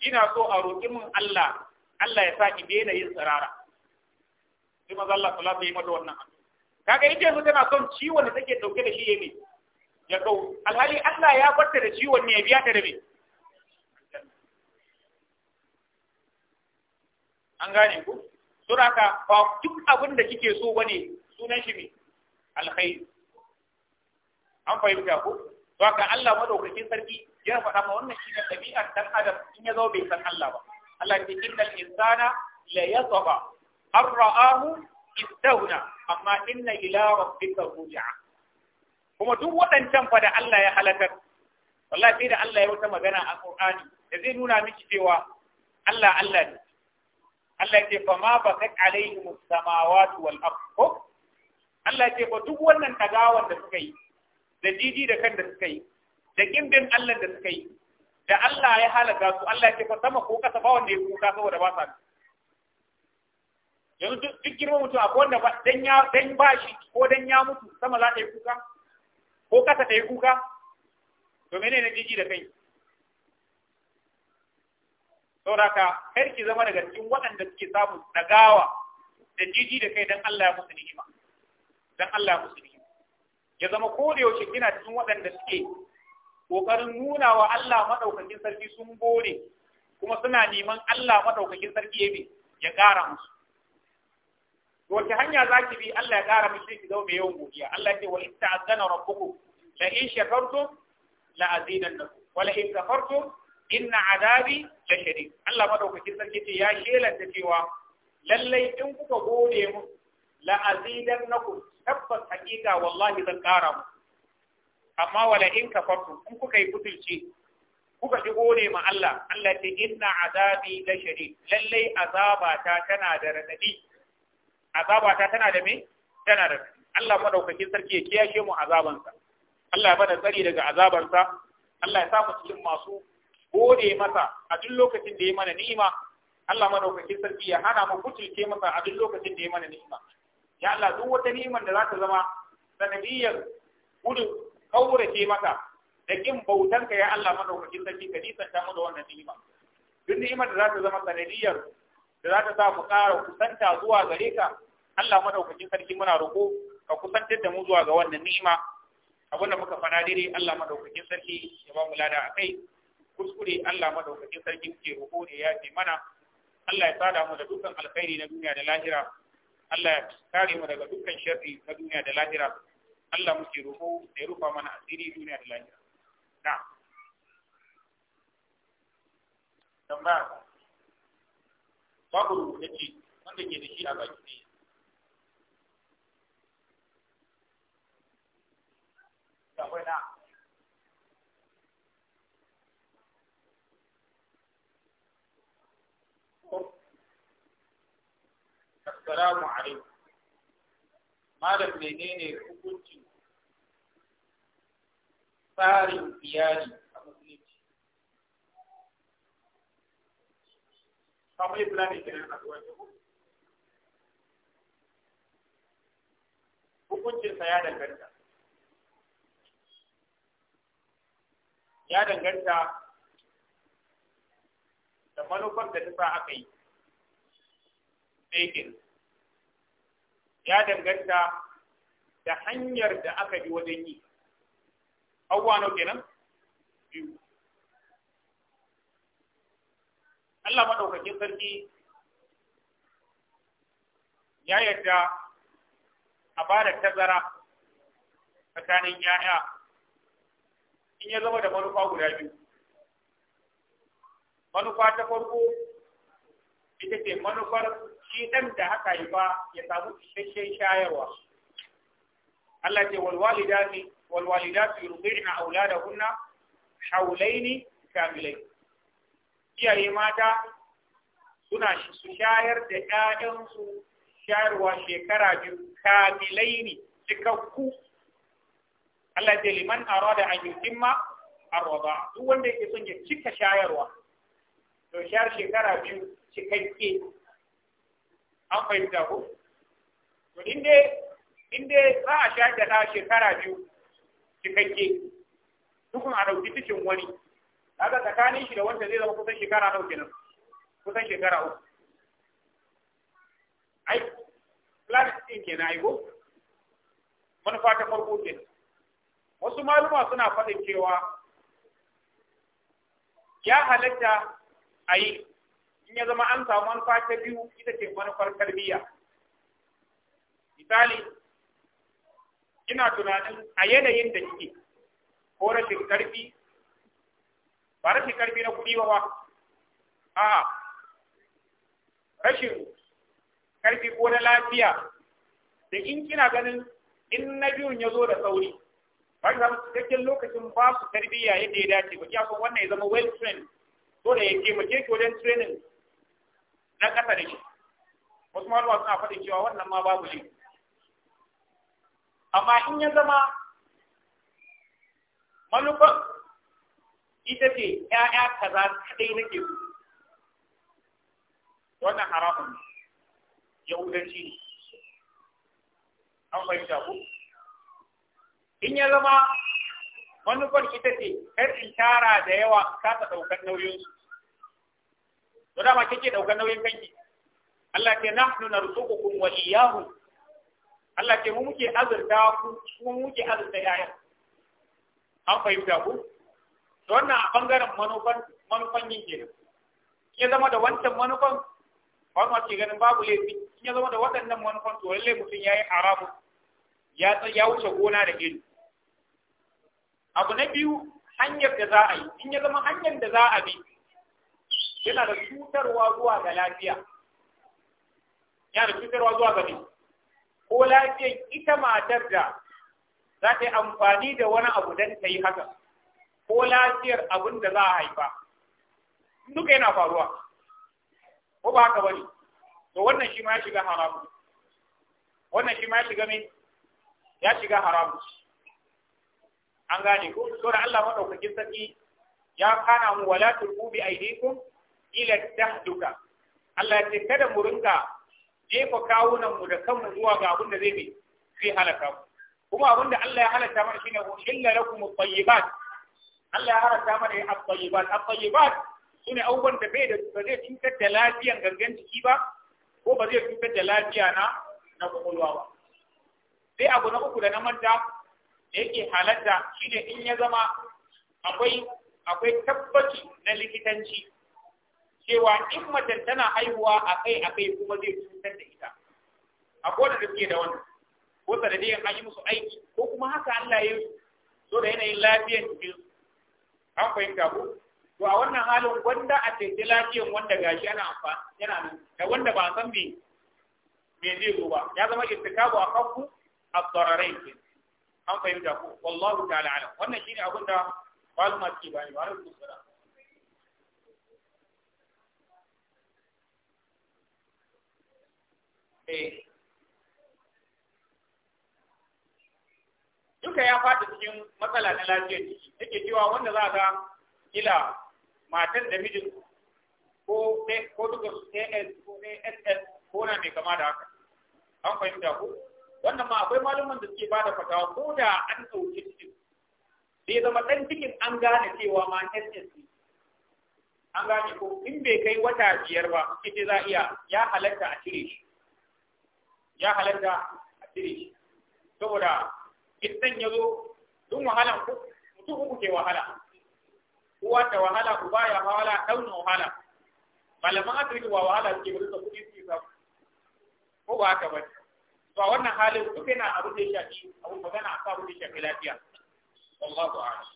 ina so a roƙi min Allah Allah ya sa ki daina yin tsirara sai maza Allah su yi mata wannan kaga ita yanzu tana son ciwon da take dauke da shi ya ne ya kau alhali Allah ya barta da ciwon ne ya biya ta da me an gane ku suraka ba duk abin da kike so bane sunan shi ne alkhairi an fahimta ku to haka Allah madaukakin sarki ya faɗa ma wannan shine dabi'ar dan adam in ya zo bai san Allah ba Allah ya ce innal insana la yatgha arra'ahu istawna amma inna ila rabbika ruj'a kuma duk waɗancan fa da Allah ya halakar wallahi sai da Allah ya wata magana a Qur'ani da zai nuna miki cewa Allah Allah ne Allah ce fa ma ba kai alaihi musamawatu wal ardh Allah ce ba duk wannan tagawan da suka yi da jiji da kan da suka yi da kindin Allah da suka yi da Allah ya halaka su Allah ce fa sama ko kasa ba wanda ya kuka saboda ba sa yanzu duk girma mutum akwai wanda dan ya dan bashi ko dan ya mutu sama za ta yi kuka ko kasa ta yi kuka to menene jiji da kai sauraka kar ki zama daga cikin waɗanda suke da dagawa da jiji da kai dan Allah ya musu ni'ima dan Allah ya musu ni'ima ya zama ko da yaushe kina cikin waɗanda suke kokarin nuna wa Allah madaukakin sarki sun gode kuma suna neman Allah madaukakin sarki ya bi ya ƙara musu to wace hanya zaki bi Allah ya ƙara miki ki zama mai yawan godiya Allah ya ce wa in ta'azzana rabbukum la in shakartum la azidannakum wa la in kafartum inna adabi la shadid Allah madaukakin sarki ce ya shelanta cewa lallai in kuka gode mu la azidannakum tabbas hakika wallahi zan kara mu amma wala in kafartum in kuka yi butulci kuka ji gode ma Allah Allah ce inna azabi la shadid lallai azabata tana da radadi azabata tana da me tana da Allah madaukakin sarki ya kiyashe mu azabansa Allah ya bada tsari daga azabansa Allah ya sa mu cikin masu gode masa a duk lokacin da ya mana ni'ima Allah madaukakin sarki ya hana mu kutulke masa a duk lokacin da ya mana ni'ima ya Allah duk wata ni'imar da za ta zama sanadiyar gudun ke maka da kin bautanka ya Allah madaukakin sarki ka nisanta mu da wannan ni'ima duk ni'imar da za ta zama sanadiyar da za ta sa mu ƙara kusanta zuwa gare ka Allah madaukakin sarki muna roƙo ka kusantar da mu zuwa ga wannan ni'ima abinda muka faɗa daidai Allah madaukakin sarki ya ba mu lada a kai kuskure Allah madaukakin sarki ke roƙo ne ya ce mana Allah ya sada mu da dukkan alkhairi na duniya da lahira Allah ya kare mu daga dukkan sharri na duniya da lahira Allah muke roƙo da ya rufa mana asiri duniya da lahira na tambaya babu rubutacce wanda ke da shi a baki ne akwai na assalamu alaikum malam menene hukuncin tsarin iyali a musulunci family planning kenan a duwaje hukuncin sa ya danganta ya danganta da manufar da ta sa aka yi ɗaikin ya danganta da hanyar da aka bi wajen yi abuwa nau kenan biyu Allah maɗaukakin sarki ya yadda a ba tazara tsakanin ‘ya'ya in ya zama da manufa guda biyu. Manufa ta farko ita ce manufar shi ɗan da haka yi ba ya samu isasshen shayarwa Allah ce aula da yurdi'na auladahunna haulaini kamilai iyaye mata suna su shayar da 'ya'yansu shayarwa shekara biyu kamilai ne cikakku Allah ce liman arada an yutimma arwada duk wanda yake son ya cika shayarwa to shayar shekara biyu cikakke an fahimta ko to inde inde za a sha da shekara biyu cikakke dukun a dauki cikin wani kaga tsakanin shi da wanda zai zama kusan shekara nawa kenan kusan shekara uku ai planet din kenan ai go manufa ta farko kenan wasu maluma suna faɗin cewa ya halatta a yi in ya zama an samu manufa ta biyu ita ce manufar tarbiyya misali ina tunanin a yanayin da kike ko rashin karfi ba rashin karfi na kuɗi ba ba a rashin karfi ko na lafiya da in kina ganin in na biyun ya zo da sauri ba ka samu lokacin ba su tarbiyya yadda ya dace ba kiya son wannan ya zama well trained so da ya taimake ki wajen training na ƙasa da shi wasu malama suna faɗin cewa wannan ma babu ne amma in ya zama manufan ita ce ‘ya'ya kaza kaɗai nake su wannan haramun yahudanci ne an bai ku in ya zama manufar ita ce kar in tara da yawa ta ɗaukar nauyinsu to dama kike daukar nauyin kanki Allah ke nahnu narzuqukum wa iyyahum Allah ke mu muke azurta ku mu muke azurta yaya an fahimta ku to wannan a bangaren manufan manufan yin kenan ya zama da wancan manufan ma ke ganin babu laifi in ya zama da waɗannan manufan to lallai mutum ya yi haramu ya wuce gona da iri abu na biyu hanyar da za a yi in ya zama hanyar da za a bi yana da cutarwa zuwa ga lafiya yana da cutarwa zuwa ga ne ko lafiyan ita matar da za ta yi amfani da wani abu don ta yi haka ko lafiyar abin da za a haifa duka yana faruwa ko ba haka bane to wannan shi ma ya shiga haramu wannan shi ma ya shiga me ya shiga haramu an gane ko sura Allah madaukakin sarki ya kana mu wala tulqu bi aydikum ila tahduka Allah ya ce kada mu rinka jefa kawunan mu da kanmu zuwa ga abin da zai bi sai halaka mu kuma abin da Allah ya halatta mana shine illa lakum at-tayyibat Allah ya halatta mana at-tayyibat at-tayyibat shine abubuwan da bai da ba zai cutar da lafiyan gangan ciki ba ko ba zai cutar da lafiya na na kwakwalwa ba sai abu na uku da na manta da yake halatta shine in ya zama akwai akwai tabbaci na likitanci cewa in mace tana haihuwa a kai-a kai kuma zai cutar da ita A ko da suke da wannan ko da dai an yi musu aiki ko kuma haka Allah ya yi so da yanayin lafiyar jikin an fahimta ko to a wannan halin gwanda a taiti lafiyan wanda gashi ana amfani yana nan da wanda ba san me me zai zo ba ya zama istikabu a kanku a tsararai ke an fahimta ko wallahu ta'ala wannan shine abin da ma ke bani ba rasu sallallahu Eh. duka ya fata cikin matsala na lafiyar jiki take cewa wanda za a ga kila matan da mijin ko ko duka su ts ko ss ko na mai kama da haka an fahimta ko wannan ma akwai malaman da suke bada fatawa ko da an ɗauki cikin bai zama ɗan cikin an gane cewa ma SS ne an gane ko in bai kai wata biyar ba ita za iya ya halatta a cire shi ya halatta a cire shi saboda idan ya zo duk wahalan mutum uku ke wahala uwa ta wahala uba ya wahala daunin wahala malaman asibiti wa wahala suke wurin da kuɗi suke samu ko ba haka ba to a wannan halin duk yana abin da ya shafi abin magana a sa abin da ya shafi lafiya wallahu a'lam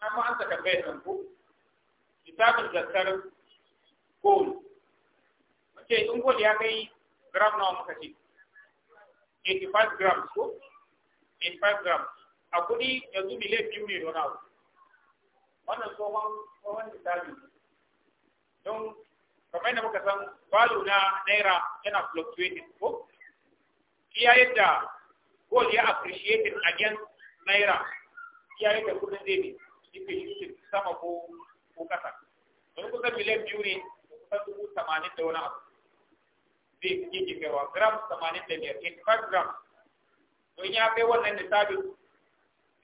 amma an saka bayan ko lissafin zakar kool mace in gold ya kai gram nawa muka ce 85 grams ko 85 grams a kuɗi yanzu miliyan biyu ne don abu wannan tsohon tsohon lissafi don kamar yadda muka san balo na naira yana fluctuating ko iya yadda gold ya appreciating against naira iya yadda kudin zai ne yake shooting sama ko ko kasa don kusan miliyan biyu ne kusan dubu tamanin da wani abu zai yake kaiwa gram tamanin da biyar 85 gram in ya kai wannan nisabin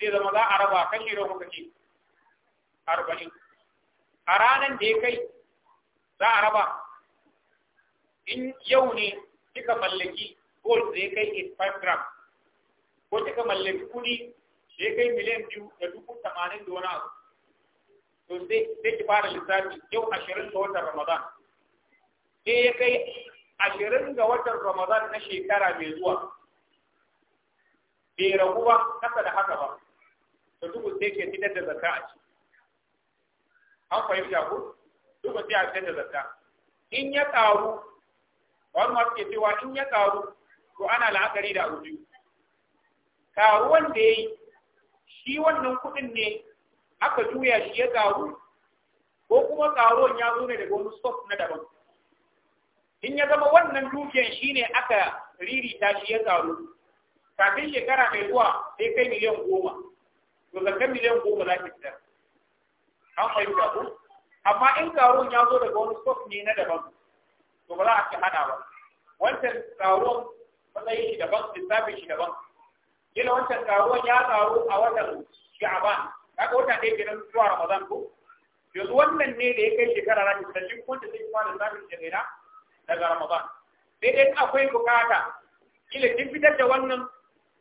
zai zama za a raba kashi da kashi arba'in a ranar da ya kai za a raba in yau ne kika mallaki gold da ya kai 85 gram ko kika mallaki kuɗi da ya kai miliyan biyu da dubu tamanin da wani abu to sai ki fara lissafi yau ashirin ga watan Ramadan. ke ya kai ashirin ga watan Ramadan na shekara mai zuwa. Bai ragu ba, kasa da haka ba. To dubu sai ke fitar da zakka a ciki An fahimta ko? Dubu sai a fitar da zakka. In ya karu. wani masu ke cewa in ya karu. to ana la'akari da abu biyu. karuwan da ya yi, shi wannan kuɗin ne aka juya shi ya karu ko kuma karuwan ya zo ne daga wani stop na daban in ya zama wannan dukiyan shi ne aka ririta shi ya karu kafin shekara mai zuwa sai kai miliyan goma to zaka miliyan goma za ki fitar an fahimta ko amma in karuwan ya zo daga wani stop ne na daban to ba za a ci hada ba wancan karuwan matsayin shi daban lissafin shi daban kila wancan karuwan ya karu a watan sha'aban haka wata ɗaya kenan zuwa Ramadan ko yanzu wannan ne da ya kai shekara na da shi kun da sai fara zamin daga Ramadan sai dai akwai bukata kila kin fitar da wannan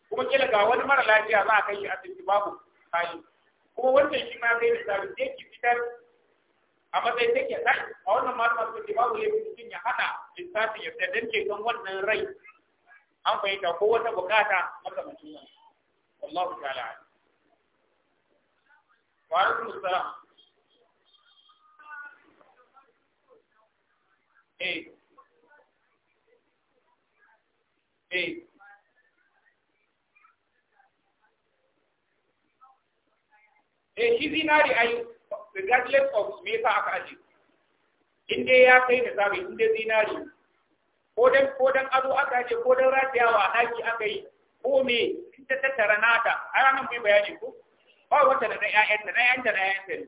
kuma kila ga wani mara lafiya za a kai shi cikin babu kayi kuma wannan shi ma zai da sai ki fitar a matsayin take sai a wannan ma sun ce babu fi cikin ya hada lissafin ya fitar dan ceton wannan rai an fahimta ko wata bukata makamancin wannan wallahu ta'ala وعليكم السلام ايه ايه eh shi zinari ai regardless of me yasa aka aje in dai ya kai da zabi in dai zinari ko dan ko dan ado aka aje ko dan radiyawa daki aka yi ko me in tattara nata ai ranan mai bayani ko ba wata da na ƴaƴanta na ƴaƴanta ne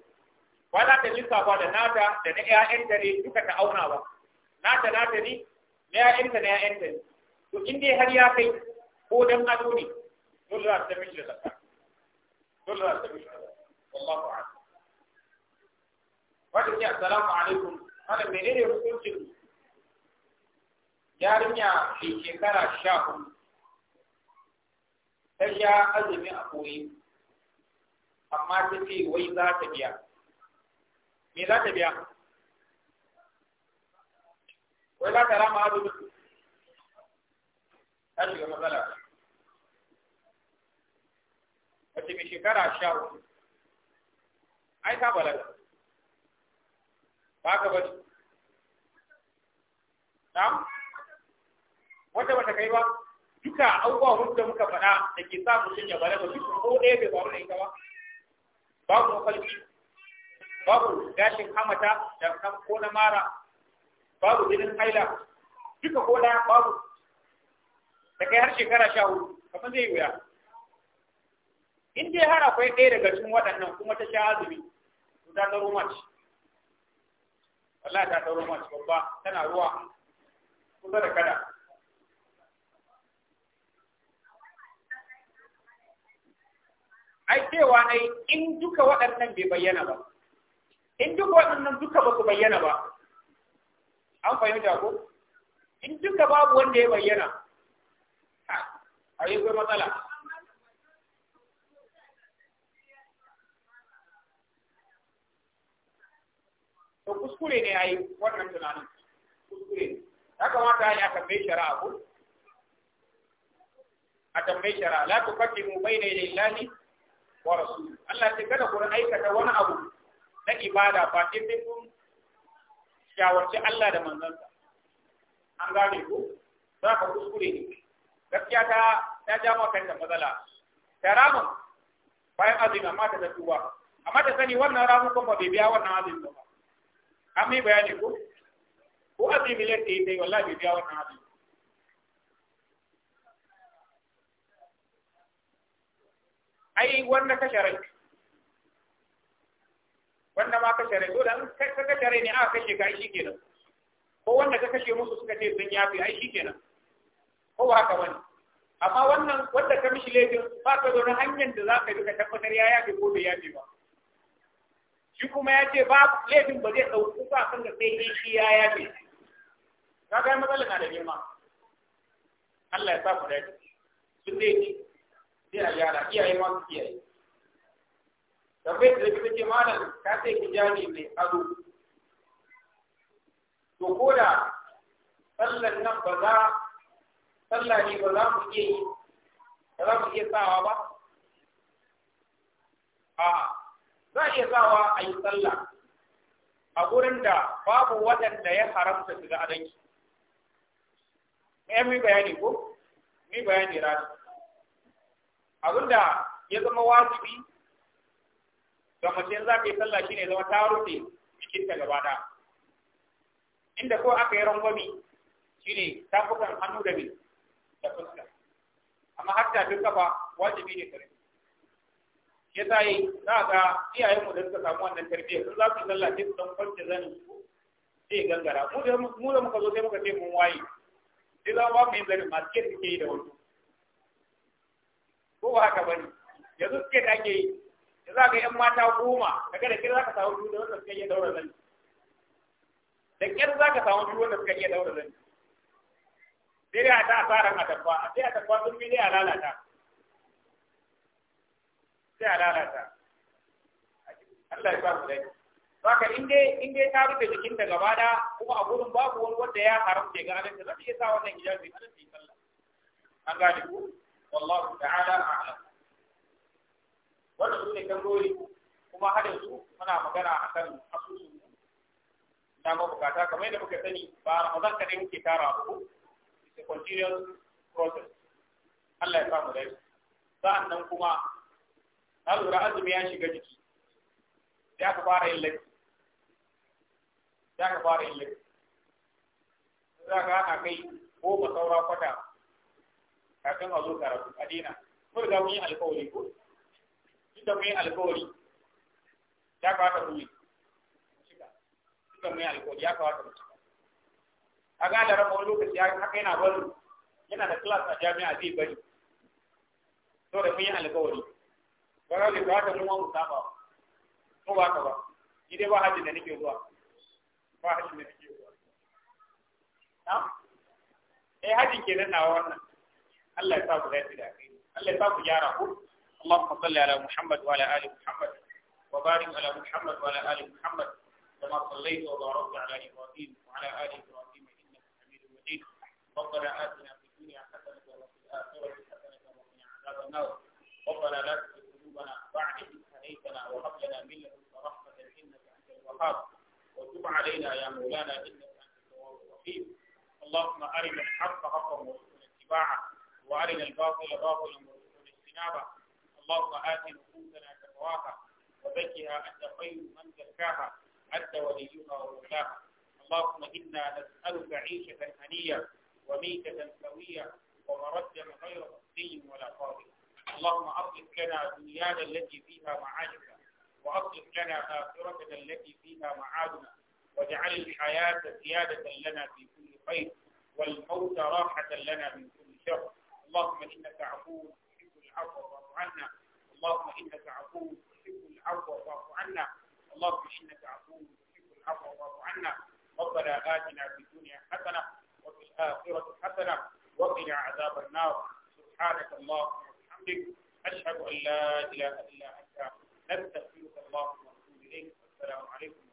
ba za ta lissafa da nata da na ƴaƴanta ne duka ta auna ba nata nata ne na ƴaƴanta na ƴaƴanta to in dai har ya kai ko dan ado ne dole za ta mishi da zakka dole za ta mishi da zakka wallahu a'lam wata ce assalamu alaikum mana menene hukuncin yarinya ke shekara sha hudu ta sha azumi a koyi amma ta ce wai za ta biya me za ta biya wai za ta rama azumin ta shiga matsala Wace mai shekara sha uku ai ta balaga ba ka bari na wata bata kai ba duka abubuwa hudu da muka faɗa da ke sa mutum ya balaga duk ko ɗaya bai faru da ita ba babu mafalki babu gashin hamata da kan ko na mara babu jinin haila duka ko da babu da kai har shekara sha hudu kamar zai wuya in dai har akwai ɗaya daga cikin waɗannan kuma ta sha azumi to ta tsaro mace wallahi ta tsaro mace babba tana ruwa kusa da kada ai cewa ai in duka waɗannan bai bayyana ba in duka waɗannan duka ba ku bayyana ba an fahimta ko in duka babu wanda ya bayyana a yi kai matsala to kuskure ne a yi wannan tunanin kuskure ne ya kamata ya tambayi shari'a ko a tambayi shari'a la tuqaddimu bayna ilayhi wa rasul Allah ce kada ku aikata wani abu na ibada ba sai sai kun shawarci Allah da manzansa an gane ku za ka kuskure ne gaskiya ta ta ja maka kanta matsala ta ramin bayan azumi amma ta tafi ba amma ta sani wannan ramin kuma bai biya wannan azumi ba an mai bayani ko ko azumi ne ta yi ta yi wallahi bai biya wannan azumi ai wanda ka share wanda ma ka share dole ka ka share ne aka kashe ka shi kenan ko wanda ka kashe musu suka ce sun yafi ai shi kenan ko ba haka wani amma wannan wanda ka mishi laifin ba ka zo na hanyar da za ka bi ka tabbatar ya yafi ko bai yafi ba shi kuma ya ce ba laifin ba zai dauki ba san da sai shi ya yafi ka ga matsalar na da girma Allah ya sa ku dace sun dai sai a gyara iyaye ma su kiyaye tambayar da likita ce malam ka sai hijabi mai ado to ko da sallan nan ba za sallah ne ba za mu iya yi ba za mu iya sawa ba a za a iya sawa a yi sallah a gurin da babu waɗanda ya haramta shiga adanki. Ɗaya mai bayani ko? Mai bayani rana. abinda ya zama wajibi ga mace za ta yi sallah shine zama ta rufe ta gaba da inda ko aka yi rangwami shine tafukan hannu da bi da fuska amma har ta duka ba wajibi ne tare ya ta yi za ga iyayen mu da suka samu wannan tarbiyya sun za su yi sallah sai su dan kwance zanin su sai gangara mu da muka zo sai muka ce mun waye sai za mu ba mu yin zanin masu ke yi da wasu ko ba haka bane yanzu suke da ake yi da za ka yan mata goma daga da kira za ka samu biyu da wanda suka iya daura zan da kira za ka samu biyu wanda suka iya daura zan sai dai a ta asaran a tabba sai a tabba sun bi dai a lalata sai a lalata Allah ya ba su dai Saka in dai ta rufe jikin da gaba da kuma a gurin babu wani wanda ya haramta ga alanta zai iya sa wannan hijabi alanta yi sallah an gane ku والله تعالى a'lam wannan sune tambayoyi kuma har yanzu muna magana akan asusun na mabukata kamar yadda muka sani ba Ramadan kadai muke tara it's a continuous process Allah ya samu dai nan kuma na lura azumi ya shiga jiki Ya ka fara yin laifi Ya aka fara yin laifi za ka ana kai ba saura kwata kafin a zo karatu a dina. mun ga mun yi alkawari ko duk da mun yi alkawari ya kawata mu yi cika duk da mun yi alkawari ya kawata mu cika a ga da rama wani lokaci haka yana bari yana da class a jami'a zai bari to da mun yi alkawari ba za ka kawata mun wani saba ko ba ka ba ni dai ba hajji da nake zuwa ba hajji da nake zuwa na eh hajji kenan na wannan الله يتوب غير بداخل الله يتوب جاره اللهم صل على محمد وعلى آل محمد وبارك على محمد وعلى آل محمد كما صليت وباركت على إبراهيم وعلى آل إبراهيم إنك حميد مجيد ربنا آتنا في الدنيا حسنة وفي الآخرة حسنة وقنا عذاب النار ربنا لا تزغ قلوبنا بعد إذ هديتنا وهب لنا من لدنك رحمة إنك أنت الوهاب وتب علينا يا مولانا إنك أنت التواب الرحيم اللهم أرنا الحق حقا واتبعه وعلينا الباطل باطلا وارزقنا اجتنابا اللهم ات نفوسنا تقواها وزكها انت خير من زكاها انت وليها ومولاها اللهم انا نسالك عيشه هنيه وميته سويه ومردا غير مخزي ولا فاضل اللهم اصلح لنا دنيانا التي فيها معاشنا واصلح لنا اخرتنا التي فيها معادنا واجعل الحياه زياده لنا في كل خير والموت راحه لنا من كل شر اللهم إنك عفو تحب العفو فاعف عنا اللهم إنك عفو تحب العفو فاعف عنا اللهم إنك عفو تحب العفو فاعف عنا ربنا آتنا في الدنيا حسنة وفي الآخرة حسنة وقنا عذاب النار سبحانك اللهم وبحمدك أشهد أن لا إله إلا أنت نستغفرك اللهم ونتوب إليك والسلام عليكم